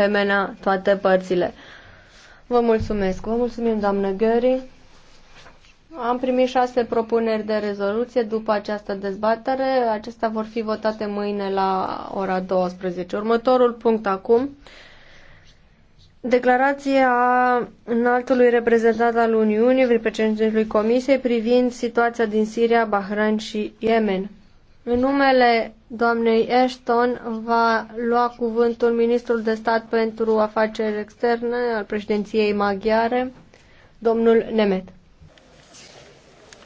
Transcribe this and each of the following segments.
asemenea toate părțile. Vă mulțumesc. Vă mulțumim, doamnă Gări. Am primit șase propuneri de rezoluție după această dezbatere. Acestea vor fi votate mâine la ora 12. Următorul punct acum. Declarația înaltului reprezentant al Uniunii, vicepreședintelui Comisiei, privind situația din Siria, Bahrain și Yemen. În numele doamnei Ashton va lua cuvântul ministrul de stat pentru afaceri externe al președinției maghiare, domnul Nemet.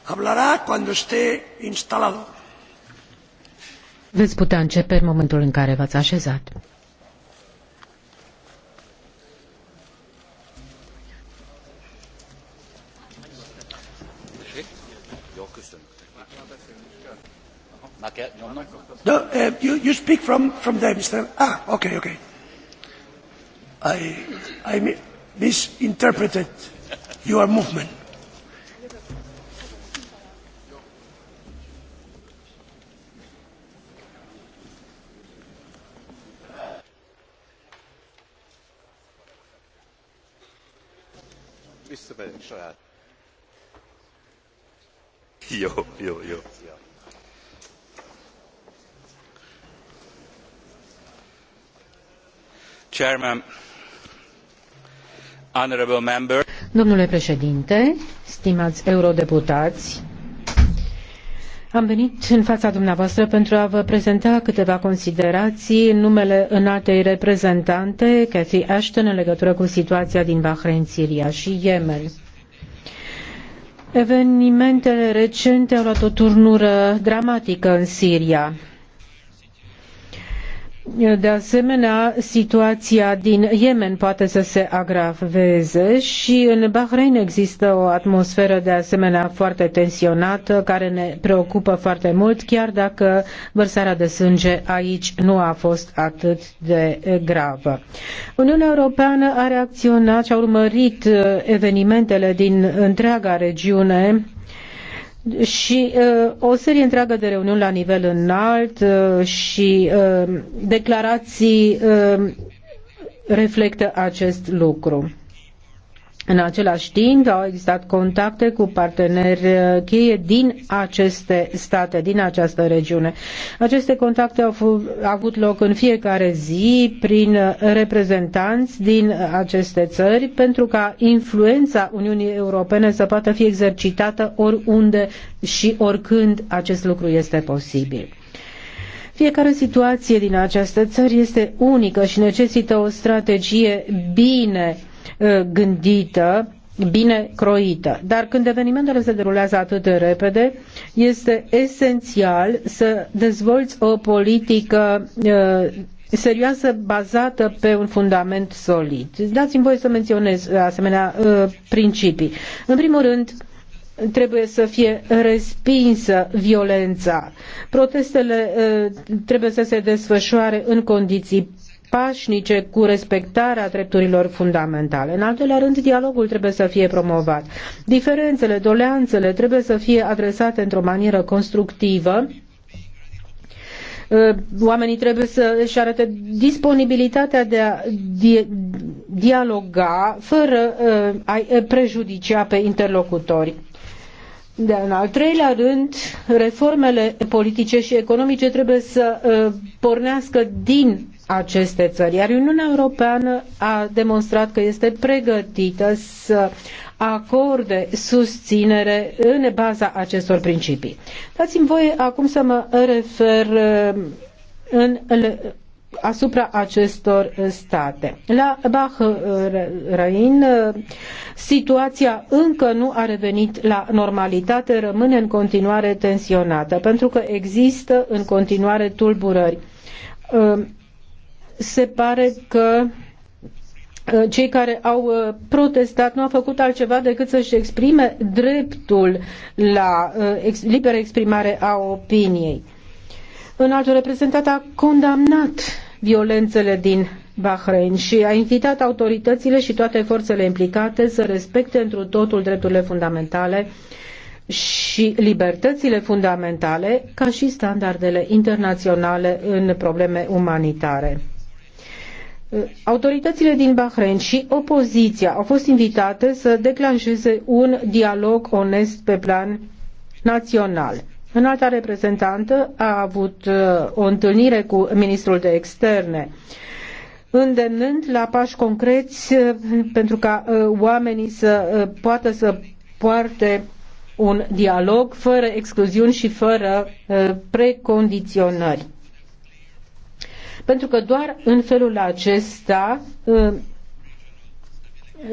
Hablará cuando esté instalado. Veți putea începe în momentul în care v-ați așezat. no uh, you, you speak from, from there, Mr. Ah, okay, okay. I, I misinterpreted your movement. Jó, jó, jó. Domnule președinte, stimați eurodeputați, am venit în fața dumneavoastră pentru a vă prezenta câteva considerații în numele înaltei reprezentante, Cathy Ashton, în legătură cu situația din Bahrain, Siria și Yemen. Evenimentele recente au luat o turnură dramatică în Siria de asemenea, situația din Yemen poate să se agraveze și în Bahrain există o atmosferă de asemenea foarte tensionată care ne preocupă foarte mult, chiar dacă vărsarea de sânge aici nu a fost atât de gravă. Uniunea Europeană a reacționat și a urmărit uh, evenimentele din întreaga regiune și uh, o serie întreagă de reuniuni la nivel înalt uh, și uh, declarații uh, reflectă acest lucru. În același timp, au existat contacte cu parteneri uh, cheie din aceste state, din această regiune. Aceste contacte au avut loc în fiecare zi prin uh, reprezentanți din uh, aceste țări pentru ca influența Uniunii Europene să poată fi exercitată oriunde și oricând acest lucru este posibil. Fiecare situație din această țări este unică și necesită o strategie bine Uh, gândită, bine croită. Dar când evenimentele se derulează atât de repede, este esențial să dezvolți o politică uh, serioasă bazată pe un fundament solid. Deci dați-mi voie să menționez asemenea uh, principii. În primul rând, trebuie să fie respinsă violența. Protestele trebuie să se desfășoare în condiții pașnice cu respectarea drepturilor fundamentale. În al doilea rând, dialogul trebuie să fie promovat. Diferențele, doleanțele trebuie să fie adresate într-o manieră constructivă uh, oamenii trebuie să își arate disponibilitatea de a dialoga fără uh, a uh, prejudicia pe interlocutori. De în al treilea rând, reformele politice și economice trebuie să pornească din aceste țări, iar Uniunea Europeană a demonstrat că este pregătită să acorde susținere în baza acestor principii. Dați-mi voie acum să mă refer uh, în, asupra acestor state. La Bahrain uh, situația încă nu a revenit la normalitate, rămâne în continuare tensionată, pentru că există în continuare tulburări uh, se pare că uh, cei care au uh, protestat nu au făcut altceva decât să-și exprime dreptul la uh, liberă exprimare a opiniei. În altul reprezentat a condamnat violențele din Bahrain și a invitat autoritățile și toate forțele implicate să respecte întru totul drepturile fundamentale și libertățile fundamentale ca și standardele internaționale în probleme umanitare. Uh, autoritățile din Bahrain și opoziția au fost invitate să declanșeze un dialog onest pe plan național. Înalta reprezentantă a avut uh, o întâlnire cu ministrul de externe, îndemnând la pași concreți uh, pentru ca oamenii să poată să poarte un dialog fără excluziuni și fără precondiționări. Pentru că doar în felul acesta uh,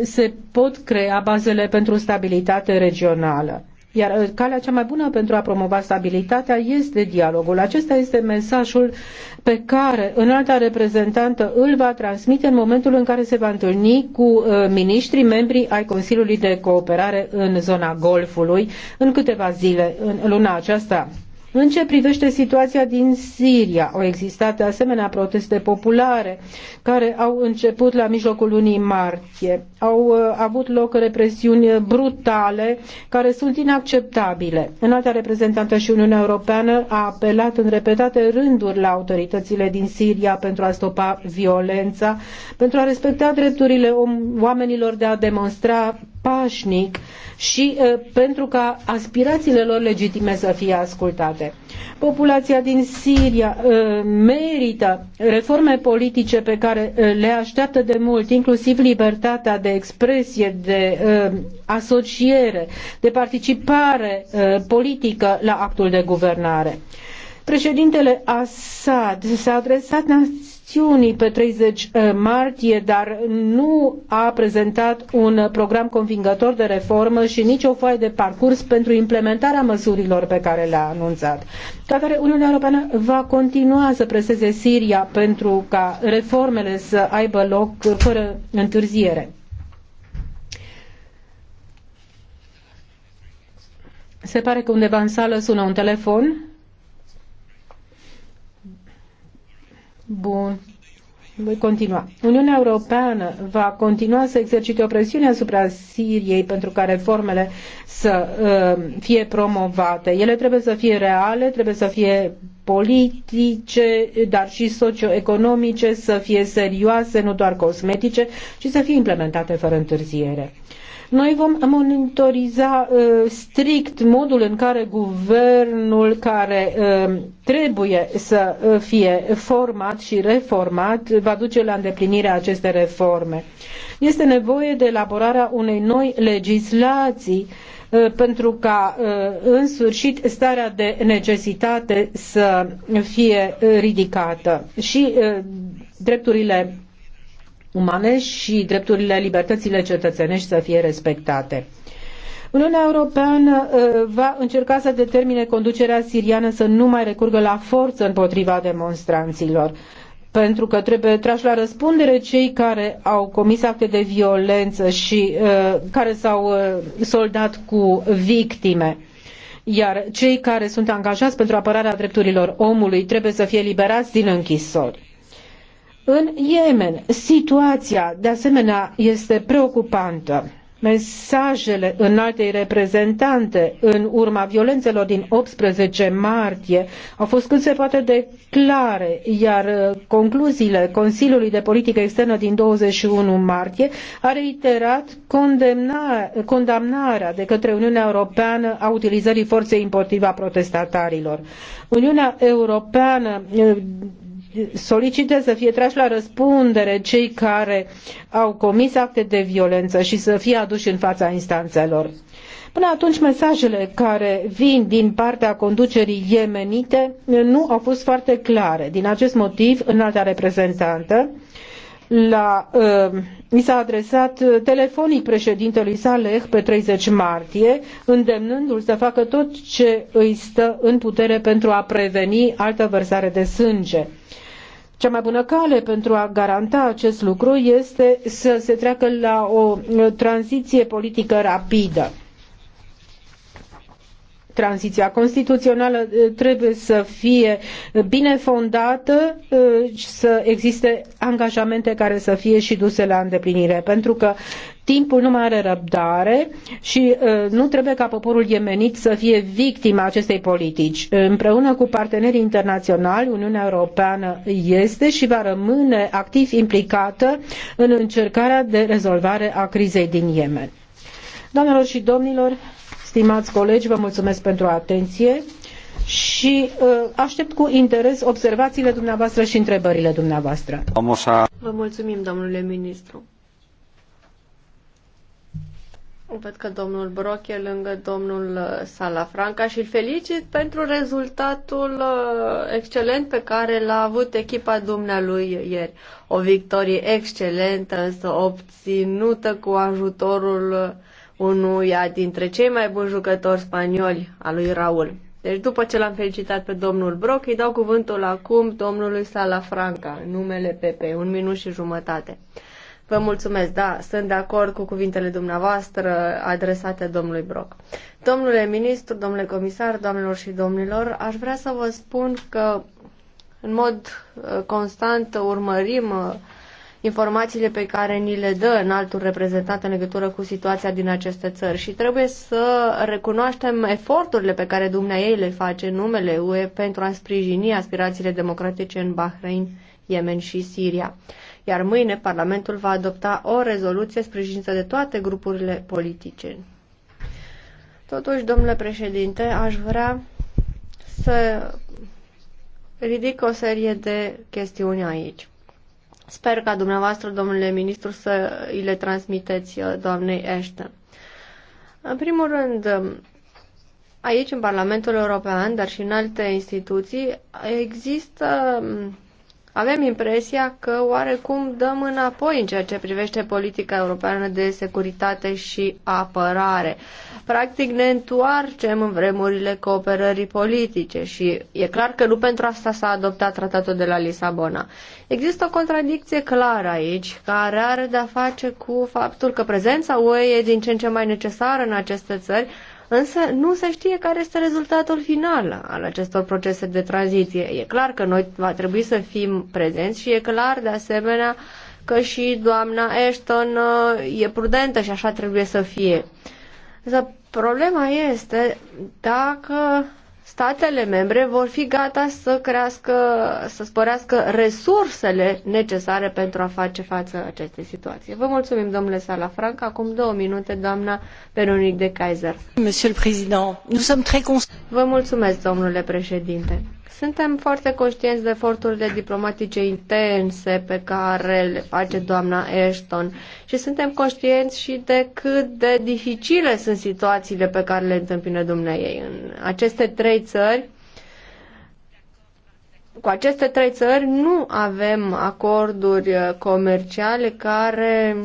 se pot crea bazele pentru stabilitate regională. Iar uh, calea cea mai bună pentru a promova stabilitatea este dialogul. Acesta este mesajul pe care înalta reprezentantă îl va transmite în momentul în care se va întâlni cu uh, miniștrii, membri ai Consiliului de Cooperare în zona Golfului în câteva zile, în luna aceasta. În ce privește situația din Siria, au existat asemenea proteste populare care au început la mijlocul lunii martie. Au uh, avut loc represiuni brutale care sunt inacceptabile. Înalta reprezentantă și Uniunea Europeană a apelat în repetate rânduri la autoritățile din Siria pentru a stopa violența, pentru a respecta drepturile oamenilor de a demonstra pașnic și uh, pentru ca aspirațiile lor legitime să fie ascultate. Populația din Siria uh, merită reforme politice pe care uh, le așteaptă de mult, inclusiv libertatea de expresie, de asociere, de participare politică la actul de guvernare. Președintele Assad s-a adresat acțiunii pe 30 eh, martie, dar nu a prezentat un program convingător de reformă și nici o foaie de parcurs pentru implementarea măsurilor pe care le-a anunțat. Ca Uniunea Europeană va continua să preseze Siria pentru ca reformele să aibă loc fără întârziere. Se pare că undeva în sală sună un telefon. Bun. Voi continua. Uniunea Europeană va continua să exercite o presiune asupra Siriei pentru ca reformele să uh, fie promovate. Ele trebuie să fie reale, trebuie să fie politice, dar și socioeconomice, să fie serioase, nu doar cosmetice, și să fie implementate fără întârziere. Uh, noi vom monitoriza uh, strict modul în care guvernul care uh, trebuie să uh, fie format și reformat va duce la îndeplinirea acestei reforme. Este nevoie de elaborarea unei noi legislații pentru ca în sfârșit starea de necesitate să fie ridicată și drepturile umane și drepturile, libertățile cetățenești să fie respectate. Uniunea Europeană uh, va încerca să determine conducerea siriană să nu mai recurgă la forță împotriva demonstranților pentru că trebuie trași la răspundere cei care au comis acte de violență și uh, care s-au uh, soldat cu victime. Iar cei care sunt angajați pentru apărarea drepturilor omului trebuie să fie liberați din închisori. În Yemen, situația de asemenea este preocupantă. Mesajele înaltei reprezentante în urma violențelor din 18 martie au fost cât se poate de clare, iar uh, concluziile Consiliului de Politică Externă din 21 martie a reiterat condamnarea de către Uniunea Europeană a utilizării forței împotriva protestatarilor. Uniunea Europeană uh, solicită să fie trași la răspundere cei care au comis acte de violență și să fie aduși în fața instanțelor. Până atunci, mesajele care vin din partea conducerii iemenite nu au fost foarte clare. Din acest motiv, înalta reprezentantă la, uh, mi s-a adresat telefonic președintelui Saleh pe 30 martie, îndemnându-l să facă tot ce îi stă în putere pentru a preveni altă vărsare de sânge. Uh, cea mai bună cale pentru a garanta acest lucru este să se treacă la o tranziție politică rapidă. Tranziția constituțională trebuie să fie bine fondată și să existe angajamente care să fie și duse la îndeplinire, pentru că Timpul nu mai are răbdare și uh, nu trebuie ca poporul iemenit să fie victima acestei politici. Împreună cu partenerii internaționali, Uniunea Europeană este și va rămâne activ implicată în încercarea de rezolvare a crizei din Yemen. Doamnelor și domnilor, stimați colegi, vă mulțumesc pentru atenție și uh, aștept cu interes observațiile dumneavoastră și întrebările dumneavoastră. Vă mulțumim, domnule ministru. Acum văd că domnul Broc e lângă domnul uh, Salafranca și îl felicit pentru rezultatul uh, excelent pe care l-a avut echipa dumnealui ieri. O victorie excelentă, însă obținută cu ajutorul uh, unuia dintre cei mai buni jucători spanioli, a lui Raul. Deci după ce l-am felicitat pe domnul Broc, îi dau cuvântul acum domnului Salafranca, numele PP, un minut și jumătate. Vă mulțumesc, da, sunt de acord cu cuvintele dumneavoastră adresate domnului Brock. Domnule ministru, domnule comisar, doamnelor și domnilor, aș vrea să vă spun că în mod uh, constant urmărim uh, informațiile pe care ni le dă în altul reprezentat în legătură cu situația din aceste țări și trebuie să recunoaștem eforturile pe care dumneai le face în numele UE pentru a sprijini aspirațiile democratice în Bahrain, Yemen și Siria iar mâine Parlamentul va adopta o rezoluție sprijinită de toate grupurile politice. Totuși, domnule președinte, aș vrea să ridic o serie de chestiuni aici. Sper ca dumneavoastră, domnule ministru, să îi le transmiteți uh, doamnei Ashton. În primul rând, um, aici, în Parlamentul European, dar și în alte instituții, există um, avem impresia că oarecum dăm înapoi în ceea ce privește politica europeană de securitate și apărare. Practic ne întoarcem în vremurile cooperării politice și e clar că nu pentru asta s-a adoptat tratatul de la Lisabona. Există o contradicție clară aici care are de-a face cu faptul că prezența UE e din ce în ce mai necesară în aceste țări, însă nu se știe care este rezultatul final al acestor procese de tranziție. E clar că noi va trebui să fim prezenți și e clar, de asemenea, că și doamna Ashton uh, e prudentă și așa trebuie să fie. Însă problema este dacă statele membre vor fi gata să crească, să sporească resursele necesare pentru a face față acestei situații. Vă mulțumim, domnule Sala Franca. Acum două minute, doamna Veronique de Kaiser. Monsieur le Président, nous sommes très Vă mulțumesc, domnule președinte. Suntem foarte conștienți de eforturile diplomatice intense pe care le face doamna Ashton și suntem conștienți și de cât de dificile sunt situațiile pe care le întâmpină dumneai în aceste trei țări. Cu aceste trei țări nu avem acorduri uh, comerciale care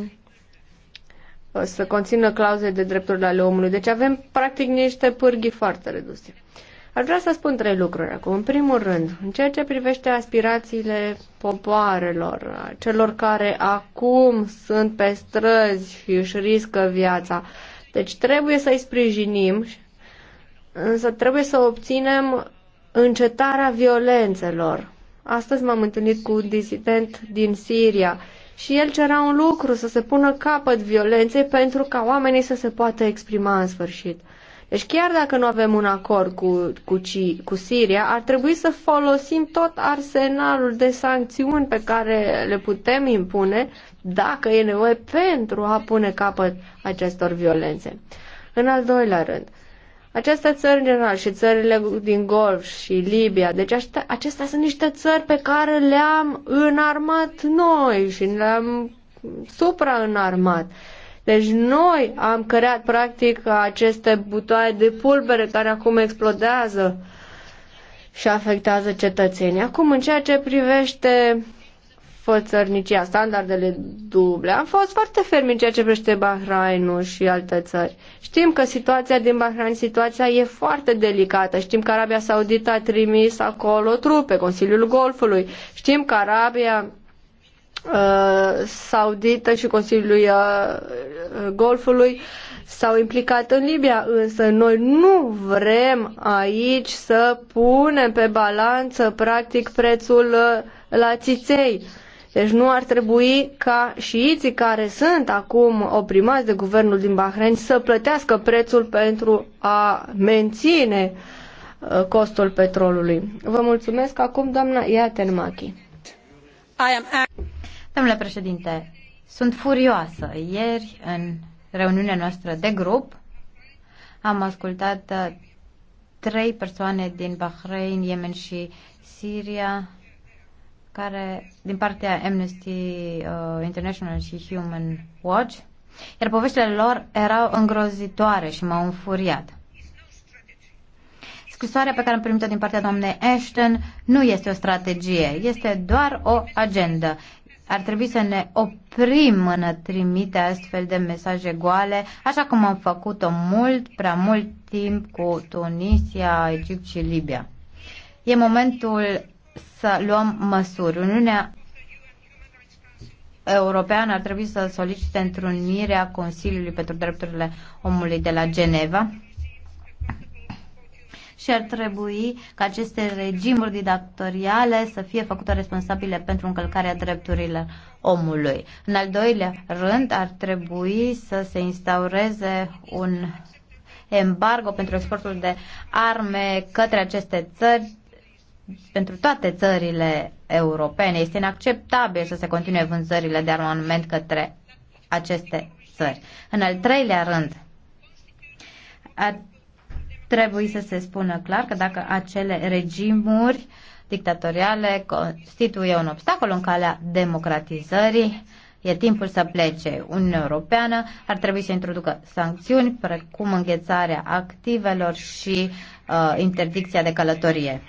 uh, să conțină clauze de drepturile ale omului. Deci avem practic niște pârghii foarte reduse. Aș vrea să spun trei lucruri acum. În primul rând, în ceea ce privește aspirațiile popoarelor, celor care acum sunt pe străzi și își riscă viața. Deci trebuie să-i sprijinim, însă trebuie să obținem încetarea violențelor. Astăzi m-am întâlnit cu un disident din Siria și el cerea un lucru, să se pună capăt violenței pentru ca oamenii să se poată exprima în sfârșit. Deci chiar dacă nu avem un acord cu, cu, cu Siria, ar trebui să folosim tot arsenalul de sancțiuni pe care le putem impune dacă e nevoie pentru a pune capăt acestor violențe. În al doilea rând, aceste țări în general și țările din Golf și Libia, deci acestea, sunt niște țări pe care le-am înarmat noi și le-am supraînarmat. Deci noi am creat practic aceste butoaie de pulbere care acum explodează și afectează cetățenii. Acum, în ceea ce privește fățărnicia, standardele duble. Am fost foarte fermi în ceea ce privește Bahrainul și alte țări. Știm că situația din Bahrain, situația e foarte delicată. Știm că Arabia Saudită a trimis acolo trupe, Consiliul Golfului. Știm că Arabia Uh, saudită și Consiliului uh, uh, Golfului s-au implicat în Libia, însă noi nu vrem aici să punem pe balanță practic prețul la țiței. Deci nu ar trebui ca șiiții care sunt acum oprimați de guvernul din Bahrain să plătească prețul pentru a menține costul petrolului. Vă mulțumesc acum, doamna Iatenmachi. I am Domnule președinte, sunt furioasă. Ieri, în reuniunea noastră de grup, am ascultat uh, trei persoane din Bahrain, Yemen și Siria, care, din partea Amnesty uh, International și Human Watch, iar poveștile lor erau îngrozitoare și m-au înfuriat. Scrisoarea pe care am primit-o din partea doamnei Ashton nu este o strategie, este doar o agendă ar trebui să ne oprim în trimite astfel de mesaje goale, așa cum am făcut-o mult, prea mult timp cu Tunisia, Egipt și Libia. E momentul să luăm măsuri. Uniunea Europeană ar trebui să solicite întrunirea Consiliului pentru Drepturile Omului de la Geneva și ar trebui ca aceste regimuri didactoriale să fie făcute responsabile pentru încălcarea drepturilor omului. În al doilea rând, ar trebui să se instaureze un embargo pentru exportul de arme către aceste țări pentru toate țările europene. Este inacceptabil să se continue vânzările de armament către aceste țări. În al treilea rând, ar Trebuie să se spună clar că dacă acele regimuri dictatoriale constituie un obstacol în calea democratizării, e timpul să plece. Uniunea Europeană ar trebui să introducă sancțiuni precum înghețarea activelor și uh, interdicția de călătorie.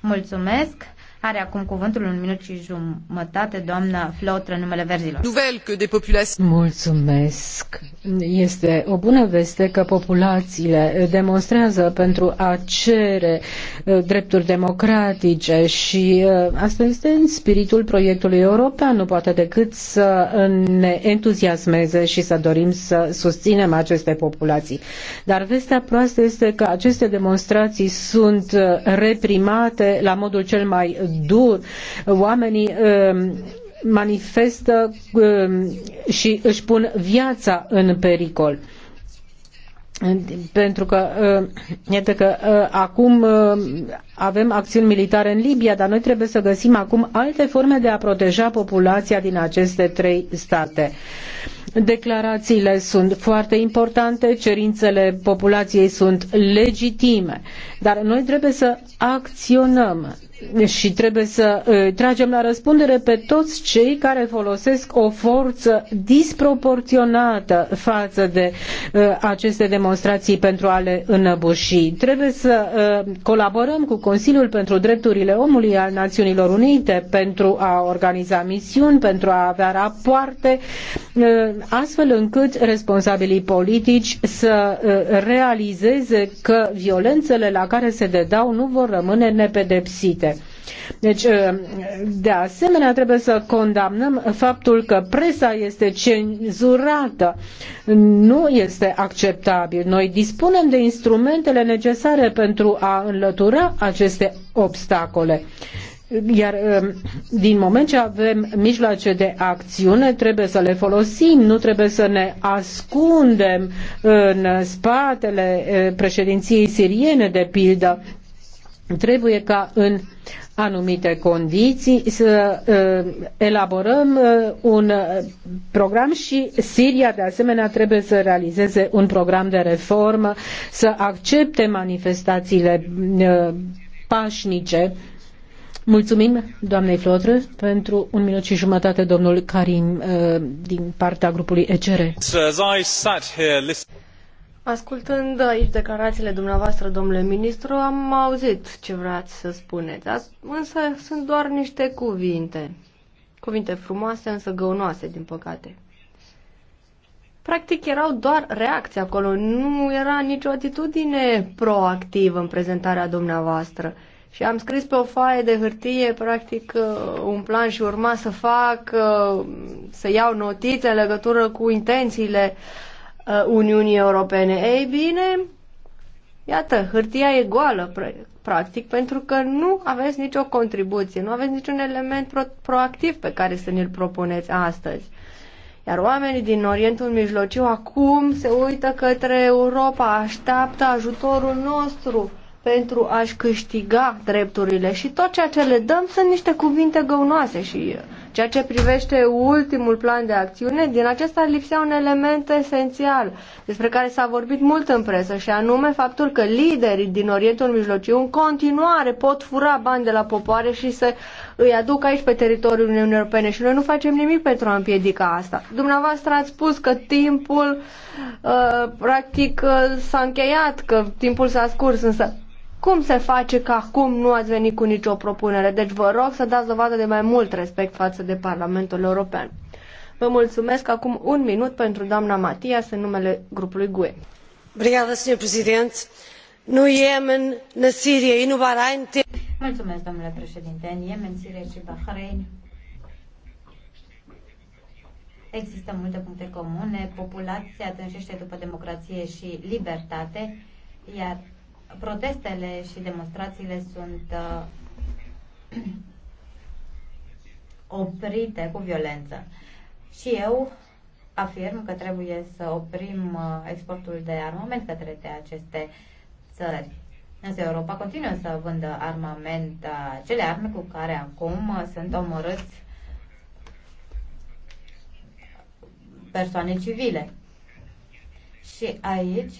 Mulțumesc! Are acum cuvântul un minut și jumătate, doamna Flotră, numele verzilor. Nouvelle că de populație. Mulțumesc. Este o bună veste că populațiile demonstrează pentru a cere uh, drepturi democratice și uh, asta este în spiritul proiectului european. Nu poate decât să ne entuziasmeze și să dorim să susținem aceste populații. Dar vestea proastă este că aceste demonstrații sunt uh, reprimate la modul cel mai dur. Oamenii um, manifestă um, și își pun viața în pericol pentru că um, iată că uh, acum avem acțiuni militare în Libia, dar noi trebuie să găsim acum alte forme de a proteja populația din aceste trei state. Declarațiile sunt foarte importante, cerințele populației sunt legitime, dar noi trebuie să acționăm și trebuie să uh, tragem la răspundere pe toți cei care folosesc o forță disproporționată față de uh, aceste demonstrații pentru a le înăbuși. Trebuie să uh, colaborăm cu Consiliul pentru Drepturile Omului al Națiunilor Unite pentru a organiza misiuni, pentru a avea rapoarte, astfel încât responsabilii politici să realizeze că violențele la care se dedau nu vor rămâne nepedepsite. Deci, uh, de asemenea, trebuie să condamnăm faptul că presa este cenzurată. Nu este acceptabil. Noi dispunem de instrumentele necesare pentru a înlătura aceste obstacole. Iar uh, din moment ce avem mijloace de acțiune, trebuie să le folosim, nu trebuie să ne ascundem în spatele uh, președinției siriene, de pildă. Trebuie ca în anumite condiții, să ă, elaborăm ă, un ă, program și Siria de asemenea trebuie să realizeze un program de reformă, să accepte manifestațiile pașnice. Mulțumim doamnei Flotră pentru un minut și jumătate domnul Karim din partea grupului ECR. Ascultând aici declarațiile dumneavoastră, domnule ministru, am auzit ce vreați să spuneți, însă sunt doar niște cuvinte. Cuvinte frumoase, însă găunoase, din păcate. Practic erau doar reacții acolo, nu era nicio atitudine proactivă în prezentarea dumneavoastră. Și am scris pe o faie de hârtie, practic, uh, un plan și urma să fac, uh, să iau notițe în legătură cu intențiile uh, Uh, Uniunii Europene. Ei bine, iată, hârtia e goală, practic, pentru că nu aveți nicio contribuție, nu aveți niciun element pro- proactiv pe care să ne-l propuneți astăzi. Iar oamenii din Orientul Mijlociu acum se uită către Europa, așteaptă ajutorul nostru pentru a-și câștiga drepturile și tot ceea ce le dăm sunt niște cuvinte găunoase și uh, Ceea ce privește ultimul plan de acțiune, din acesta lipsea un element esențial despre care s-a vorbit mult în presă și anume faptul că liderii din Orientul Mijlociu în continuare pot fura bani de la popoare și să îi aduc aici pe teritoriul Uniunii Europene și noi nu facem nimic pentru a împiedica asta. Dumneavoastră ați spus că timpul uh, practic uh, s-a încheiat, că timpul s-a scurs, însă cum se face că acum nu ați venit cu nicio propunere? Deci vă rog să dați dovadă de mai mult respect față de Parlamentul European. Vă mulțumesc acum un minut pentru doamna Matias în numele grupului GUE. Obrigada, senhor presidente. No Iemen, na Síria e no Bahrein. Mulțumesc, domnule președinte. În Yemen, Siria și Bahrein există multe puncte comune. Populația trăiește după democrație și libertate, iar protestele și demonstrațiile sunt uh, oprite cu violență. Și eu afirm că trebuie să oprim uh, exportul de armament către de aceste țări. Însă Europa continuă să vândă armament, uh, cele arme cu care acum uh, sunt omorâți persoane civile. Și aici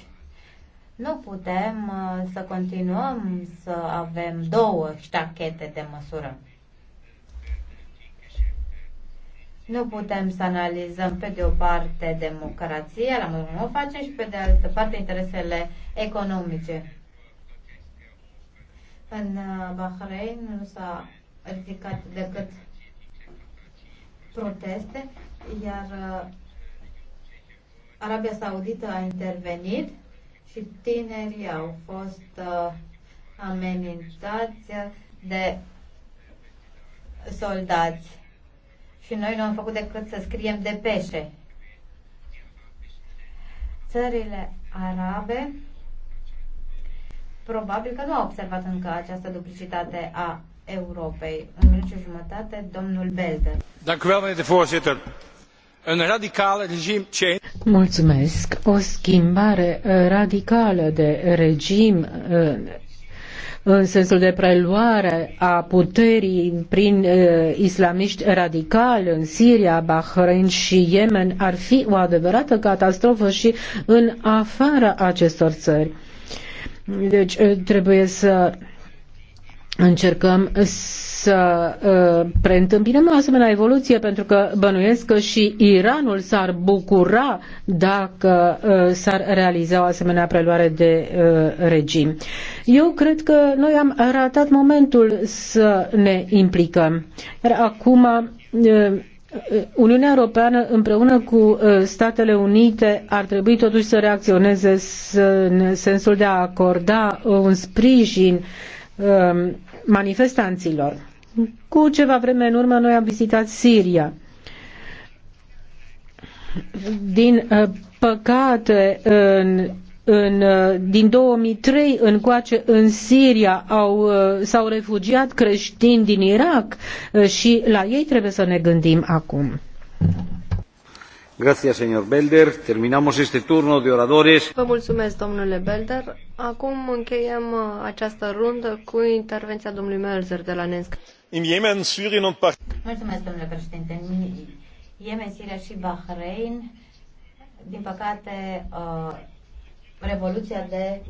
nu putem uh, să continuăm să avem două ștachete de măsură. Nu putem să analizăm pe de o parte democrația, la modul cum o facem, și pe de altă parte interesele economice. În uh, Bahrain nu s-a ridicat decât proteste, iar uh, Arabia Saudită a intervenit și tinerii au fost uh, amenințați de soldați. Și noi nu am făcut decât să scriem de peșe. Țările arabe probabil că nu au observat încă această duplicitate a Europei. În minut și jumătate, domnul Belder. Dank u wel, meneer de voorzitter. Een radicale regime change Mulțumesc. O schimbare uh, radicală de regim uh, în sensul de preluare a puterii prin uh, islamiști radicali în Siria, Bahrain și Yemen ar fi o adevărată catastrofă și în afara acestor țări. Deci uh, trebuie să încercăm să să ă, preîntâmpinăm o asemenea evoluție, pentru că bănuiesc că și Iranul s-ar bucura dacă ă, s-ar realiza o asemenea preluare de ă, regim. Eu cred că noi am ratat momentul să ne implicăm. Iar acum Uniunea Europeană împreună cu Statele Unite ar trebui totuși să reacționeze în sensul de a acorda un sprijin manifestanților. Cu ceva vreme în urmă noi am vizitat Siria. Din uh, păcate, în în, uh, din 2003 încoace în Siria au, uh, s-au refugiat creștini din Irak și la ei trebuie să ne gândim acum. Vă mulțumesc, domnule Belder. Acum încheiem uh, această rundă cu intervenția domnului Melzer de la Nensk. În Yemen, Syrien Mulțumesc, domnule președinte. În Yemen, Siria și Bahrain, din păcate, uh, revoluția de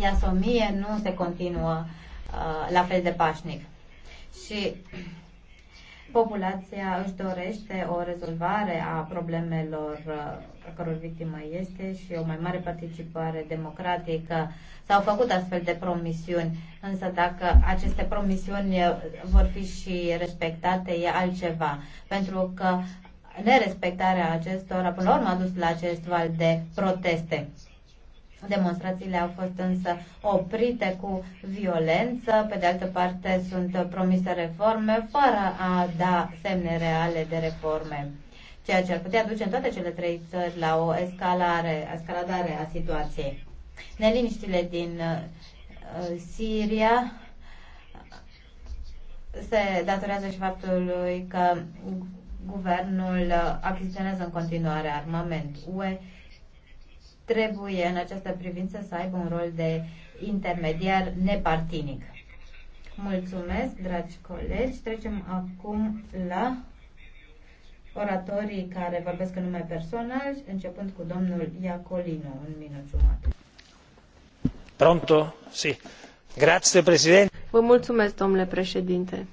Iasomie nu se continuă uh, la fel de pașnic. Și populația își dorește o rezolvare a problemelor uh, a căror victimă este și o mai mare participare democratică. S-au făcut astfel de promisiuni, însă dacă aceste promisiuni uh, vor fi și respectate, e altceva, pentru că nerespectarea acestora, până la urmă, a dus la acest val de proteste. Demonstrațiile au fost însă oprite cu violență, pe de altă parte sunt promise reforme fără a da semne reale de reforme ceea ce ar putea duce în toate cele trei țări la o escalare, escaladare a situației. Neliniștile din uh, Siria se datorează și faptului că guvernul achiziționează în continuare armament. UE trebuie în această privință să aibă un rol de intermediar nepartinic. Mulțumesc, dragi colegi. Trecem acum la oratorii care vorbesc în nume personal, începând cu domnul Iacolino, un minut jumătate. Pronto? Sì. Grazie, Presidente. Vă mulțumesc, domnule președinte.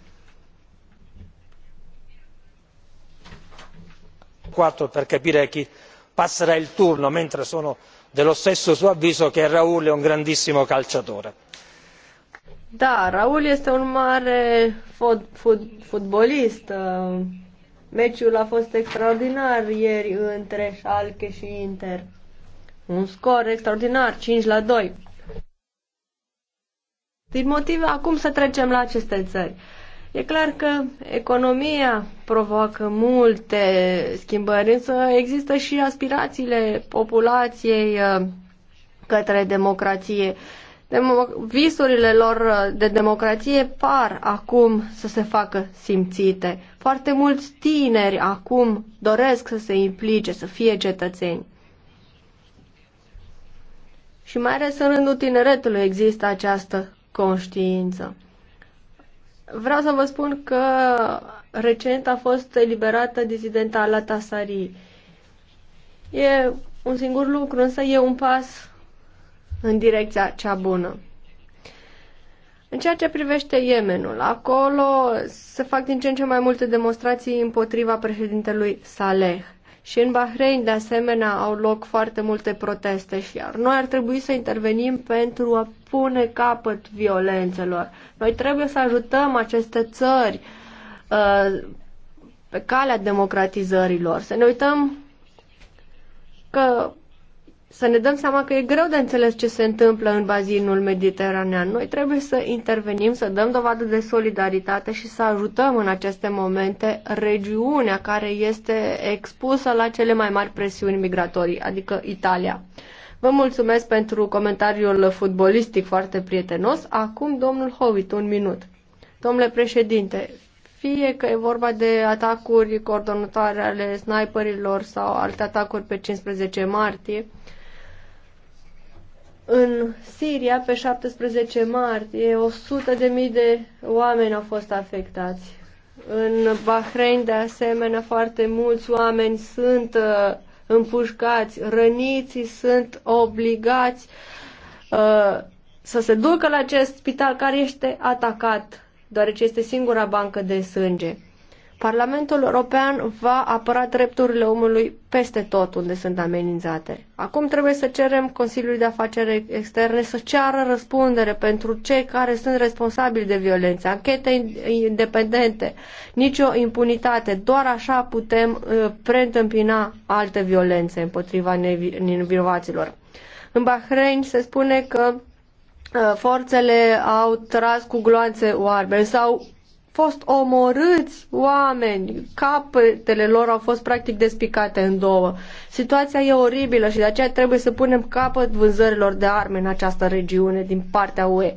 Quattro per capire chi passerà il turno mentre sono dello stesso suo avviso che raul è un grandissimo calciatore. Da, Raul este un mare fot, fot, fotbalist. Meciul a fost extraordinar ieri între Schalke și Inter. Un scor extraordinar, 5 la 2. Din motive, acum să trecem la aceste țări. E clar că economia provoacă multe schimbări, însă există și aspirațiile populației uh, către democrație. Demo- visurile lor uh, de democrație par acum să se facă simțite. Foarte mulți tineri acum doresc să se implice, să fie cetățeni. Și mai ales în rândul tineretului există această conștiință. Vreau să vă spun că recent a fost eliberată dizidenta la Tasari. E un singur lucru, însă e un pas în direcția cea bună. În ceea ce privește Yemenul, acolo se fac din ce în ce mai multe demonstrații împotriva președintelui Saleh. Și în Bahrein, de asemenea, au loc foarte multe proteste și iar noi ar trebui să intervenim pentru a pune capăt violențelor. Noi trebuie să ajutăm aceste țări uh, pe calea democratizărilor. Să ne uităm că să ne dăm seama că e greu de înțeles ce se întâmplă în bazinul mediteranean. Noi trebuie să intervenim, să dăm dovadă de solidaritate și să ajutăm în aceste momente regiunea care este expusă la cele mai mari presiuni migratorii, adică Italia. Vă mulțumesc pentru comentariul futbolistic foarte prietenos. Acum, domnul Hovit, un minut. Domnule președinte, fie că e vorba de atacuri coordonatoare ale sniperilor sau alte atacuri pe 15 martie, în Siria, pe 17 martie, 100 de mii de oameni au fost afectați. În Bahrain, de asemenea, foarte mulți oameni sunt uh, împușcați, răniții sunt obligați uh, să se ducă la acest spital care este atacat, deoarece este singura bancă de sânge. Parlamentul European va apăra drepturile omului peste tot unde sunt amenințate. Acum trebuie să cerem Consiliului de Afaceri Externe să ceară răspundere pentru cei care sunt responsabili de violență, anchete independente, nicio impunitate. Doar așa putem uh, preîntâmpina alte violențe împotriva nevinovaților. În Bahrain se spune că uh, forțele au tras cu gloanțe oarbe, sau fost omorâți oameni, capetele lor au fost practic despicate în două. Situația e oribilă și de aceea trebuie să punem capăt vânzărilor de arme în această regiune din partea UE.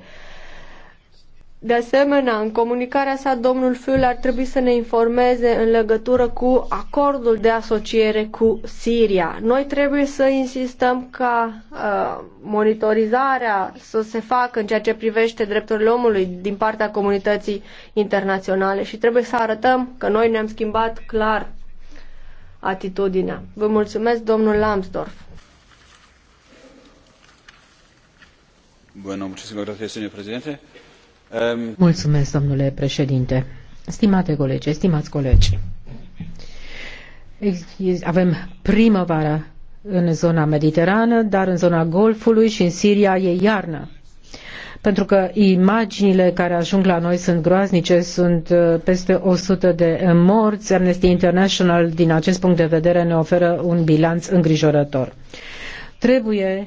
De asemenea, în comunicarea sa, domnul Fiul ar trebui să ne informeze în legătură cu acordul de asociere cu Siria. Noi trebuie să insistăm ca uh, monitorizarea să se facă în ceea ce privește drepturile omului din partea comunității internaționale și trebuie să arătăm că noi ne-am schimbat clar atitudinea. Vă mulțumesc, domnul Lambsdorff. Bueno, muchísimas gracias, señor presidente. Um, Mulțumesc, domnule președinte. Stimate colegi, stimați colegi, avem primăvară în zona mediterană, dar în zona Golfului și în Siria e iarnă. Pentru că imaginile care ajung la noi sunt groaznice, sunt uh, peste 100 de morți. Amnesty International, din acest punct de vedere, ne oferă un bilanț îngrijorător. Trebuie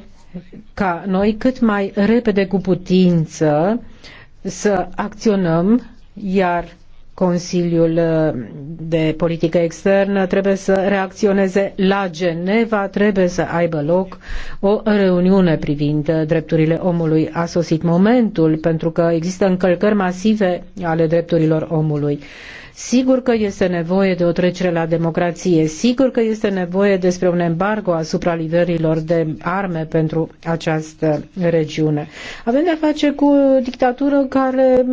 ca noi cât mai repede cu putință să acționăm, iar Consiliul uh, de Politică Externă trebuie să reacționeze la Geneva, trebuie să aibă loc o reuniune privind uh, drepturile omului. A sosit momentul pentru că există încălcări masive ale drepturilor omului. Sigur că este nevoie de o trecere la democrație, sigur că este nevoie despre un embargo asupra liverilor de arme pentru această regiune. Avem de-a face cu o dictatură care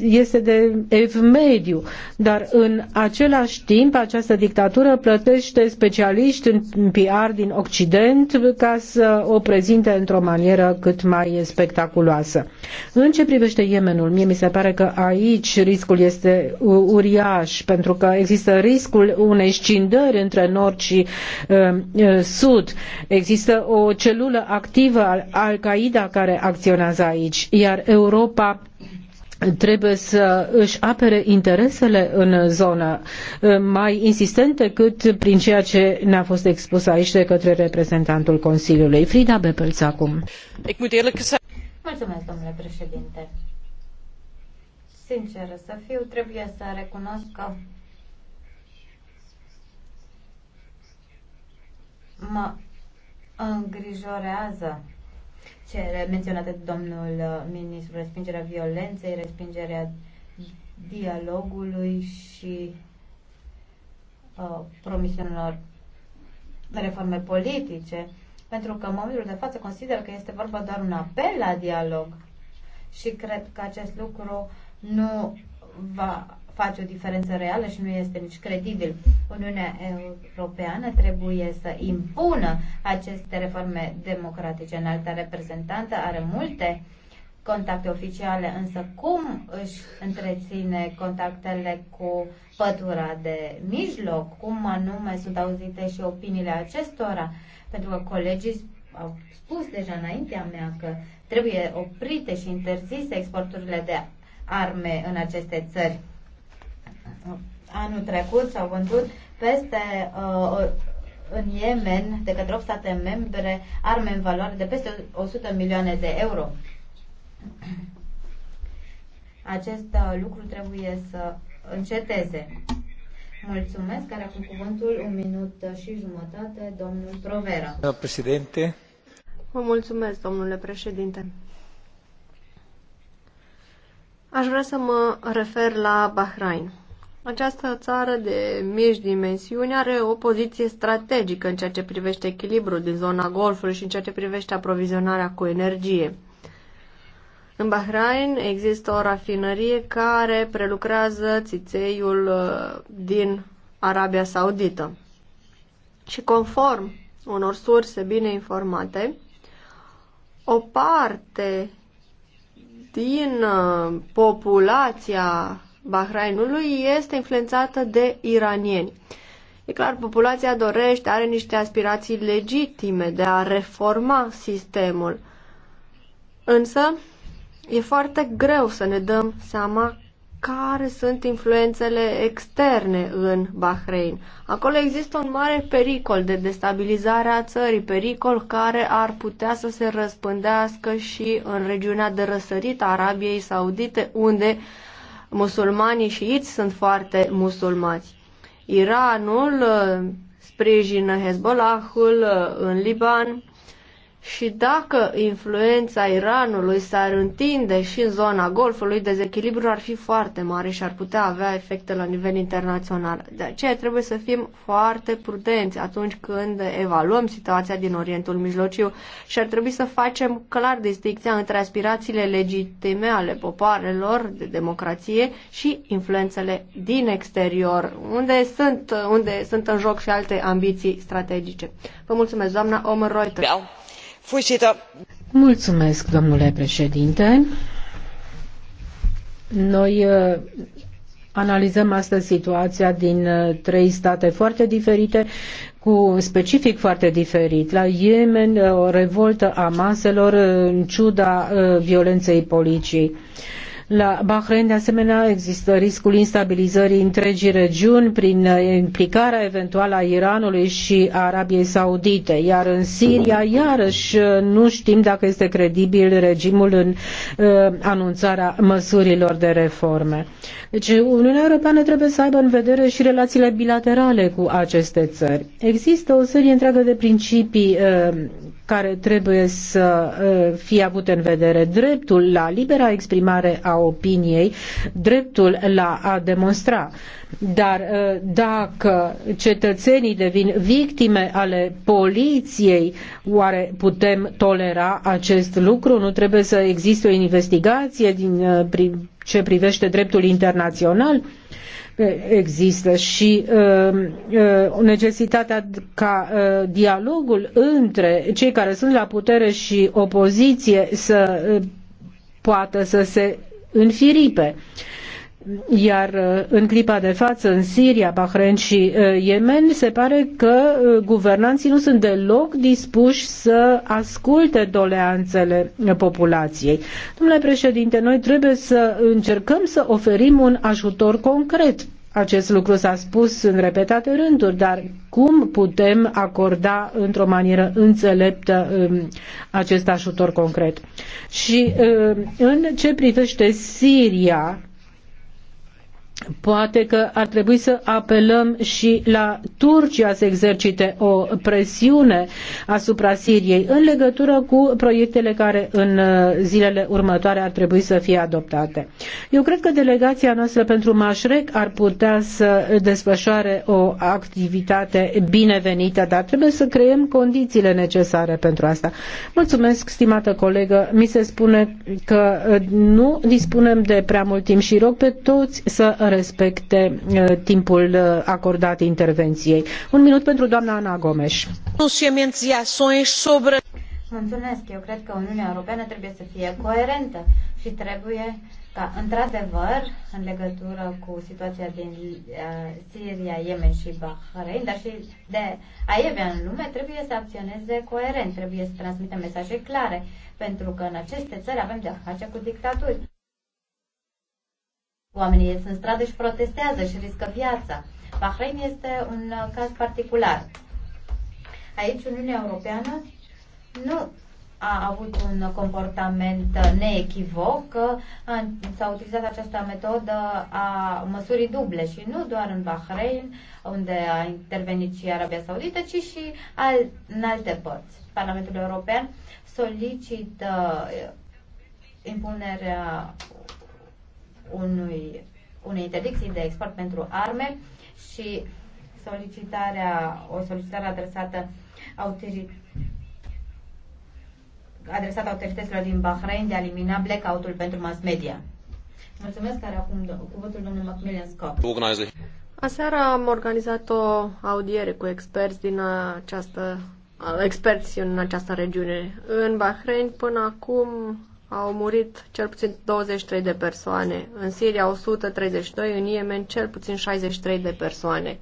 este de mediu, dar în același timp această dictatură plătește specialiști în PR din Occident ca să o prezinte într-o manieră cât mai spectaculoasă. În ce privește Yemenul, mie mi se pare că aici riscul este uriaș uriaș, pentru că există riscul unei scindări între nord și uh, uh, sud. Există o celulă activă al Al-Qaeda care acționează aici, iar Europa trebuie să își apere interesele în zonă uh, mai insistent decât prin ceea ce ne-a fost expus aici de către reprezentantul Consiliului. Frida Bepels acum. Mulțumesc, domnule președinte. Sinceră să fiu, trebuie să recunosc că mă îngrijorează cele menționate de domnul uh, ministru, respingerea violenței, respingerea dialogului și uh, promisiunilor de reforme politice, pentru că în momentul de față consider că este vorba doar un apel la dialog și cred că acest lucru nu va face o diferență reală și nu este nici credibil. Uniunea Europeană trebuie să impună aceste reforme democratice. Înalta reprezentantă are multe contacte oficiale, însă cum își întreține contactele cu pătura de mijloc? Cum anume sunt auzite și opiniile acestora? Pentru că colegii au spus deja înaintea mea că trebuie oprite și interzise exporturile de arme în aceste țări. Anul trecut s-au vândut peste uh, în Yemen de către 8 state membre arme în valoare de peste 100 milioane de euro. Acest uh, lucru trebuie să înceteze. Mulțumesc. Care acum cuvântul un minut și jumătate, domnul Provera. Președinte. Vă mulțumesc, domnule președinte. Aș vrea să mă refer la Bahrain. Această țară de mici dimensiuni are o poziție strategică în ceea ce privește echilibrul din zona Golfului și în ceea ce privește aprovizionarea cu energie. În Bahrain există o rafinărie care prelucrează țițeiul uh, din Arabia Saudită. Și conform unor surse bine informate, o parte din uh, populația Bahrainului este influențată de iranieni. E clar, populația dorește, are niște aspirații legitime de a reforma sistemul. Însă, e foarte greu să ne dăm seama care sunt influențele externe în Bahrein? Acolo există un mare pericol de destabilizare a țării, pericol care ar putea să se răspândească și în regiunea de răsărit a Arabiei Saudite, unde musulmanii și iți sunt foarte musulmani. Iranul uh, sprijină Hezbollahul uh, în Liban, și dacă influența Iranului s-ar întinde și în zona Golfului, dezechilibrul ar fi foarte mare și ar putea avea efecte la nivel internațional. De aceea trebuie să fim foarte prudenți atunci când evaluăm situația din Orientul Mijlociu și ar trebui să facem clar distinția între aspirațiile legitime ale popoarelor de democrație și influențele din exterior, unde sunt, unde sunt în joc și alte ambiții strategice. Vă mulțumesc, doamna Omer Reuters. Mulțumesc, domnule președinte. Noi uh, analizăm astăzi situația din uh, trei state foarte diferite, cu specific foarte diferit. La Yemen, uh, o revoltă a maselor în ciuda violenței poliției. La Bahrain, de asemenea, există riscul instabilizării întregii regiuni prin implicarea eventuală a Iranului și a Arabiei Saudite. Iar în Siria, iarăși, nu știm dacă este credibil regimul în uh, anunțarea măsurilor de reforme. Deci, Uniunea Europeană trebuie să aibă în vedere și relațiile bilaterale cu aceste țări. Există o serie întreagă de principii uh, care trebuie să fie avut în vedere. Dreptul la libera exprimare a opiniei, dreptul la a demonstra. Dar dacă cetățenii devin victime ale poliției, oare putem tolera acest lucru? Nu trebuie să existe o investigație din ce privește dreptul internațional? există și um, uh, necesitatea ca uh, dialogul între cei care sunt la putere și opoziție să uh, poată să se înfiripe. Uh, iar uh, în clipa de față, în Siria, Bahrain și uh, Yemen, se pare că uh, guvernanții nu sunt deloc dispuși să asculte doleanțele populației. Domnule președinte, noi trebuie să încercăm să oferim un ajutor concret acest lucru s-a spus în repetate rânduri, dar cum putem acorda într-o manieră înțeleptă um, acest ajutor concret? Și în ce privește Siria, Poate că ar trebui să apelăm și la Turcia să exercite o presiune asupra Siriei în legătură cu proiectele care în uh, zilele următoare ar trebui să fie adoptate. Eu cred că delegația noastră pentru Mașrec ar putea să desfășoare o activitate binevenită, dar trebuie să creăm condițiile necesare pentru asta. Mulțumesc, stimată colegă. Mi se spune că uh, nu dispunem de prea mult timp și rog pe toți să uh, respecte uh, timpul uh, acordat intervenției. Un minut pentru doamna Ana Gomes. Mulțumesc. Eu cred că Uniunea Europeană trebuie să fie coerentă și trebuie ca, într-adevăr, în legătură cu situația din uh, Siria, Yemen și Bahrain, dar și de aievea în lume, trebuie să acționeze coerent, trebuie să transmită mesaje clare, pentru că în aceste țări avem de-a face cu dictaturi. Oamenii ies în stradă și protestează și riscă viața. Bahrain este un uh, caz particular. Aici Uniunea Europeană nu a avut un comportament uh, neechivoc, s-a utilizat această metodă a măsurii duble și nu doar în Bahrain, unde a intervenit și Arabia Saudită, ci și al, în alte părți. Parlamentul European solicită uh, impunerea unui, unei interdicții de export pentru arme și solicitarea, o solicitare adresată autorității adresat autorităților din Bahrain de a elimina blackout-ul pentru mass media. Mulțumesc, care acum cuvântul domnul Macmillan Scott. Aseară am organizat o audiere cu experți din această experți în această regiune. În Bahrain până acum au murit cel puțin 23 de persoane, în Siria 132, în Iemen cel puțin 63 de persoane.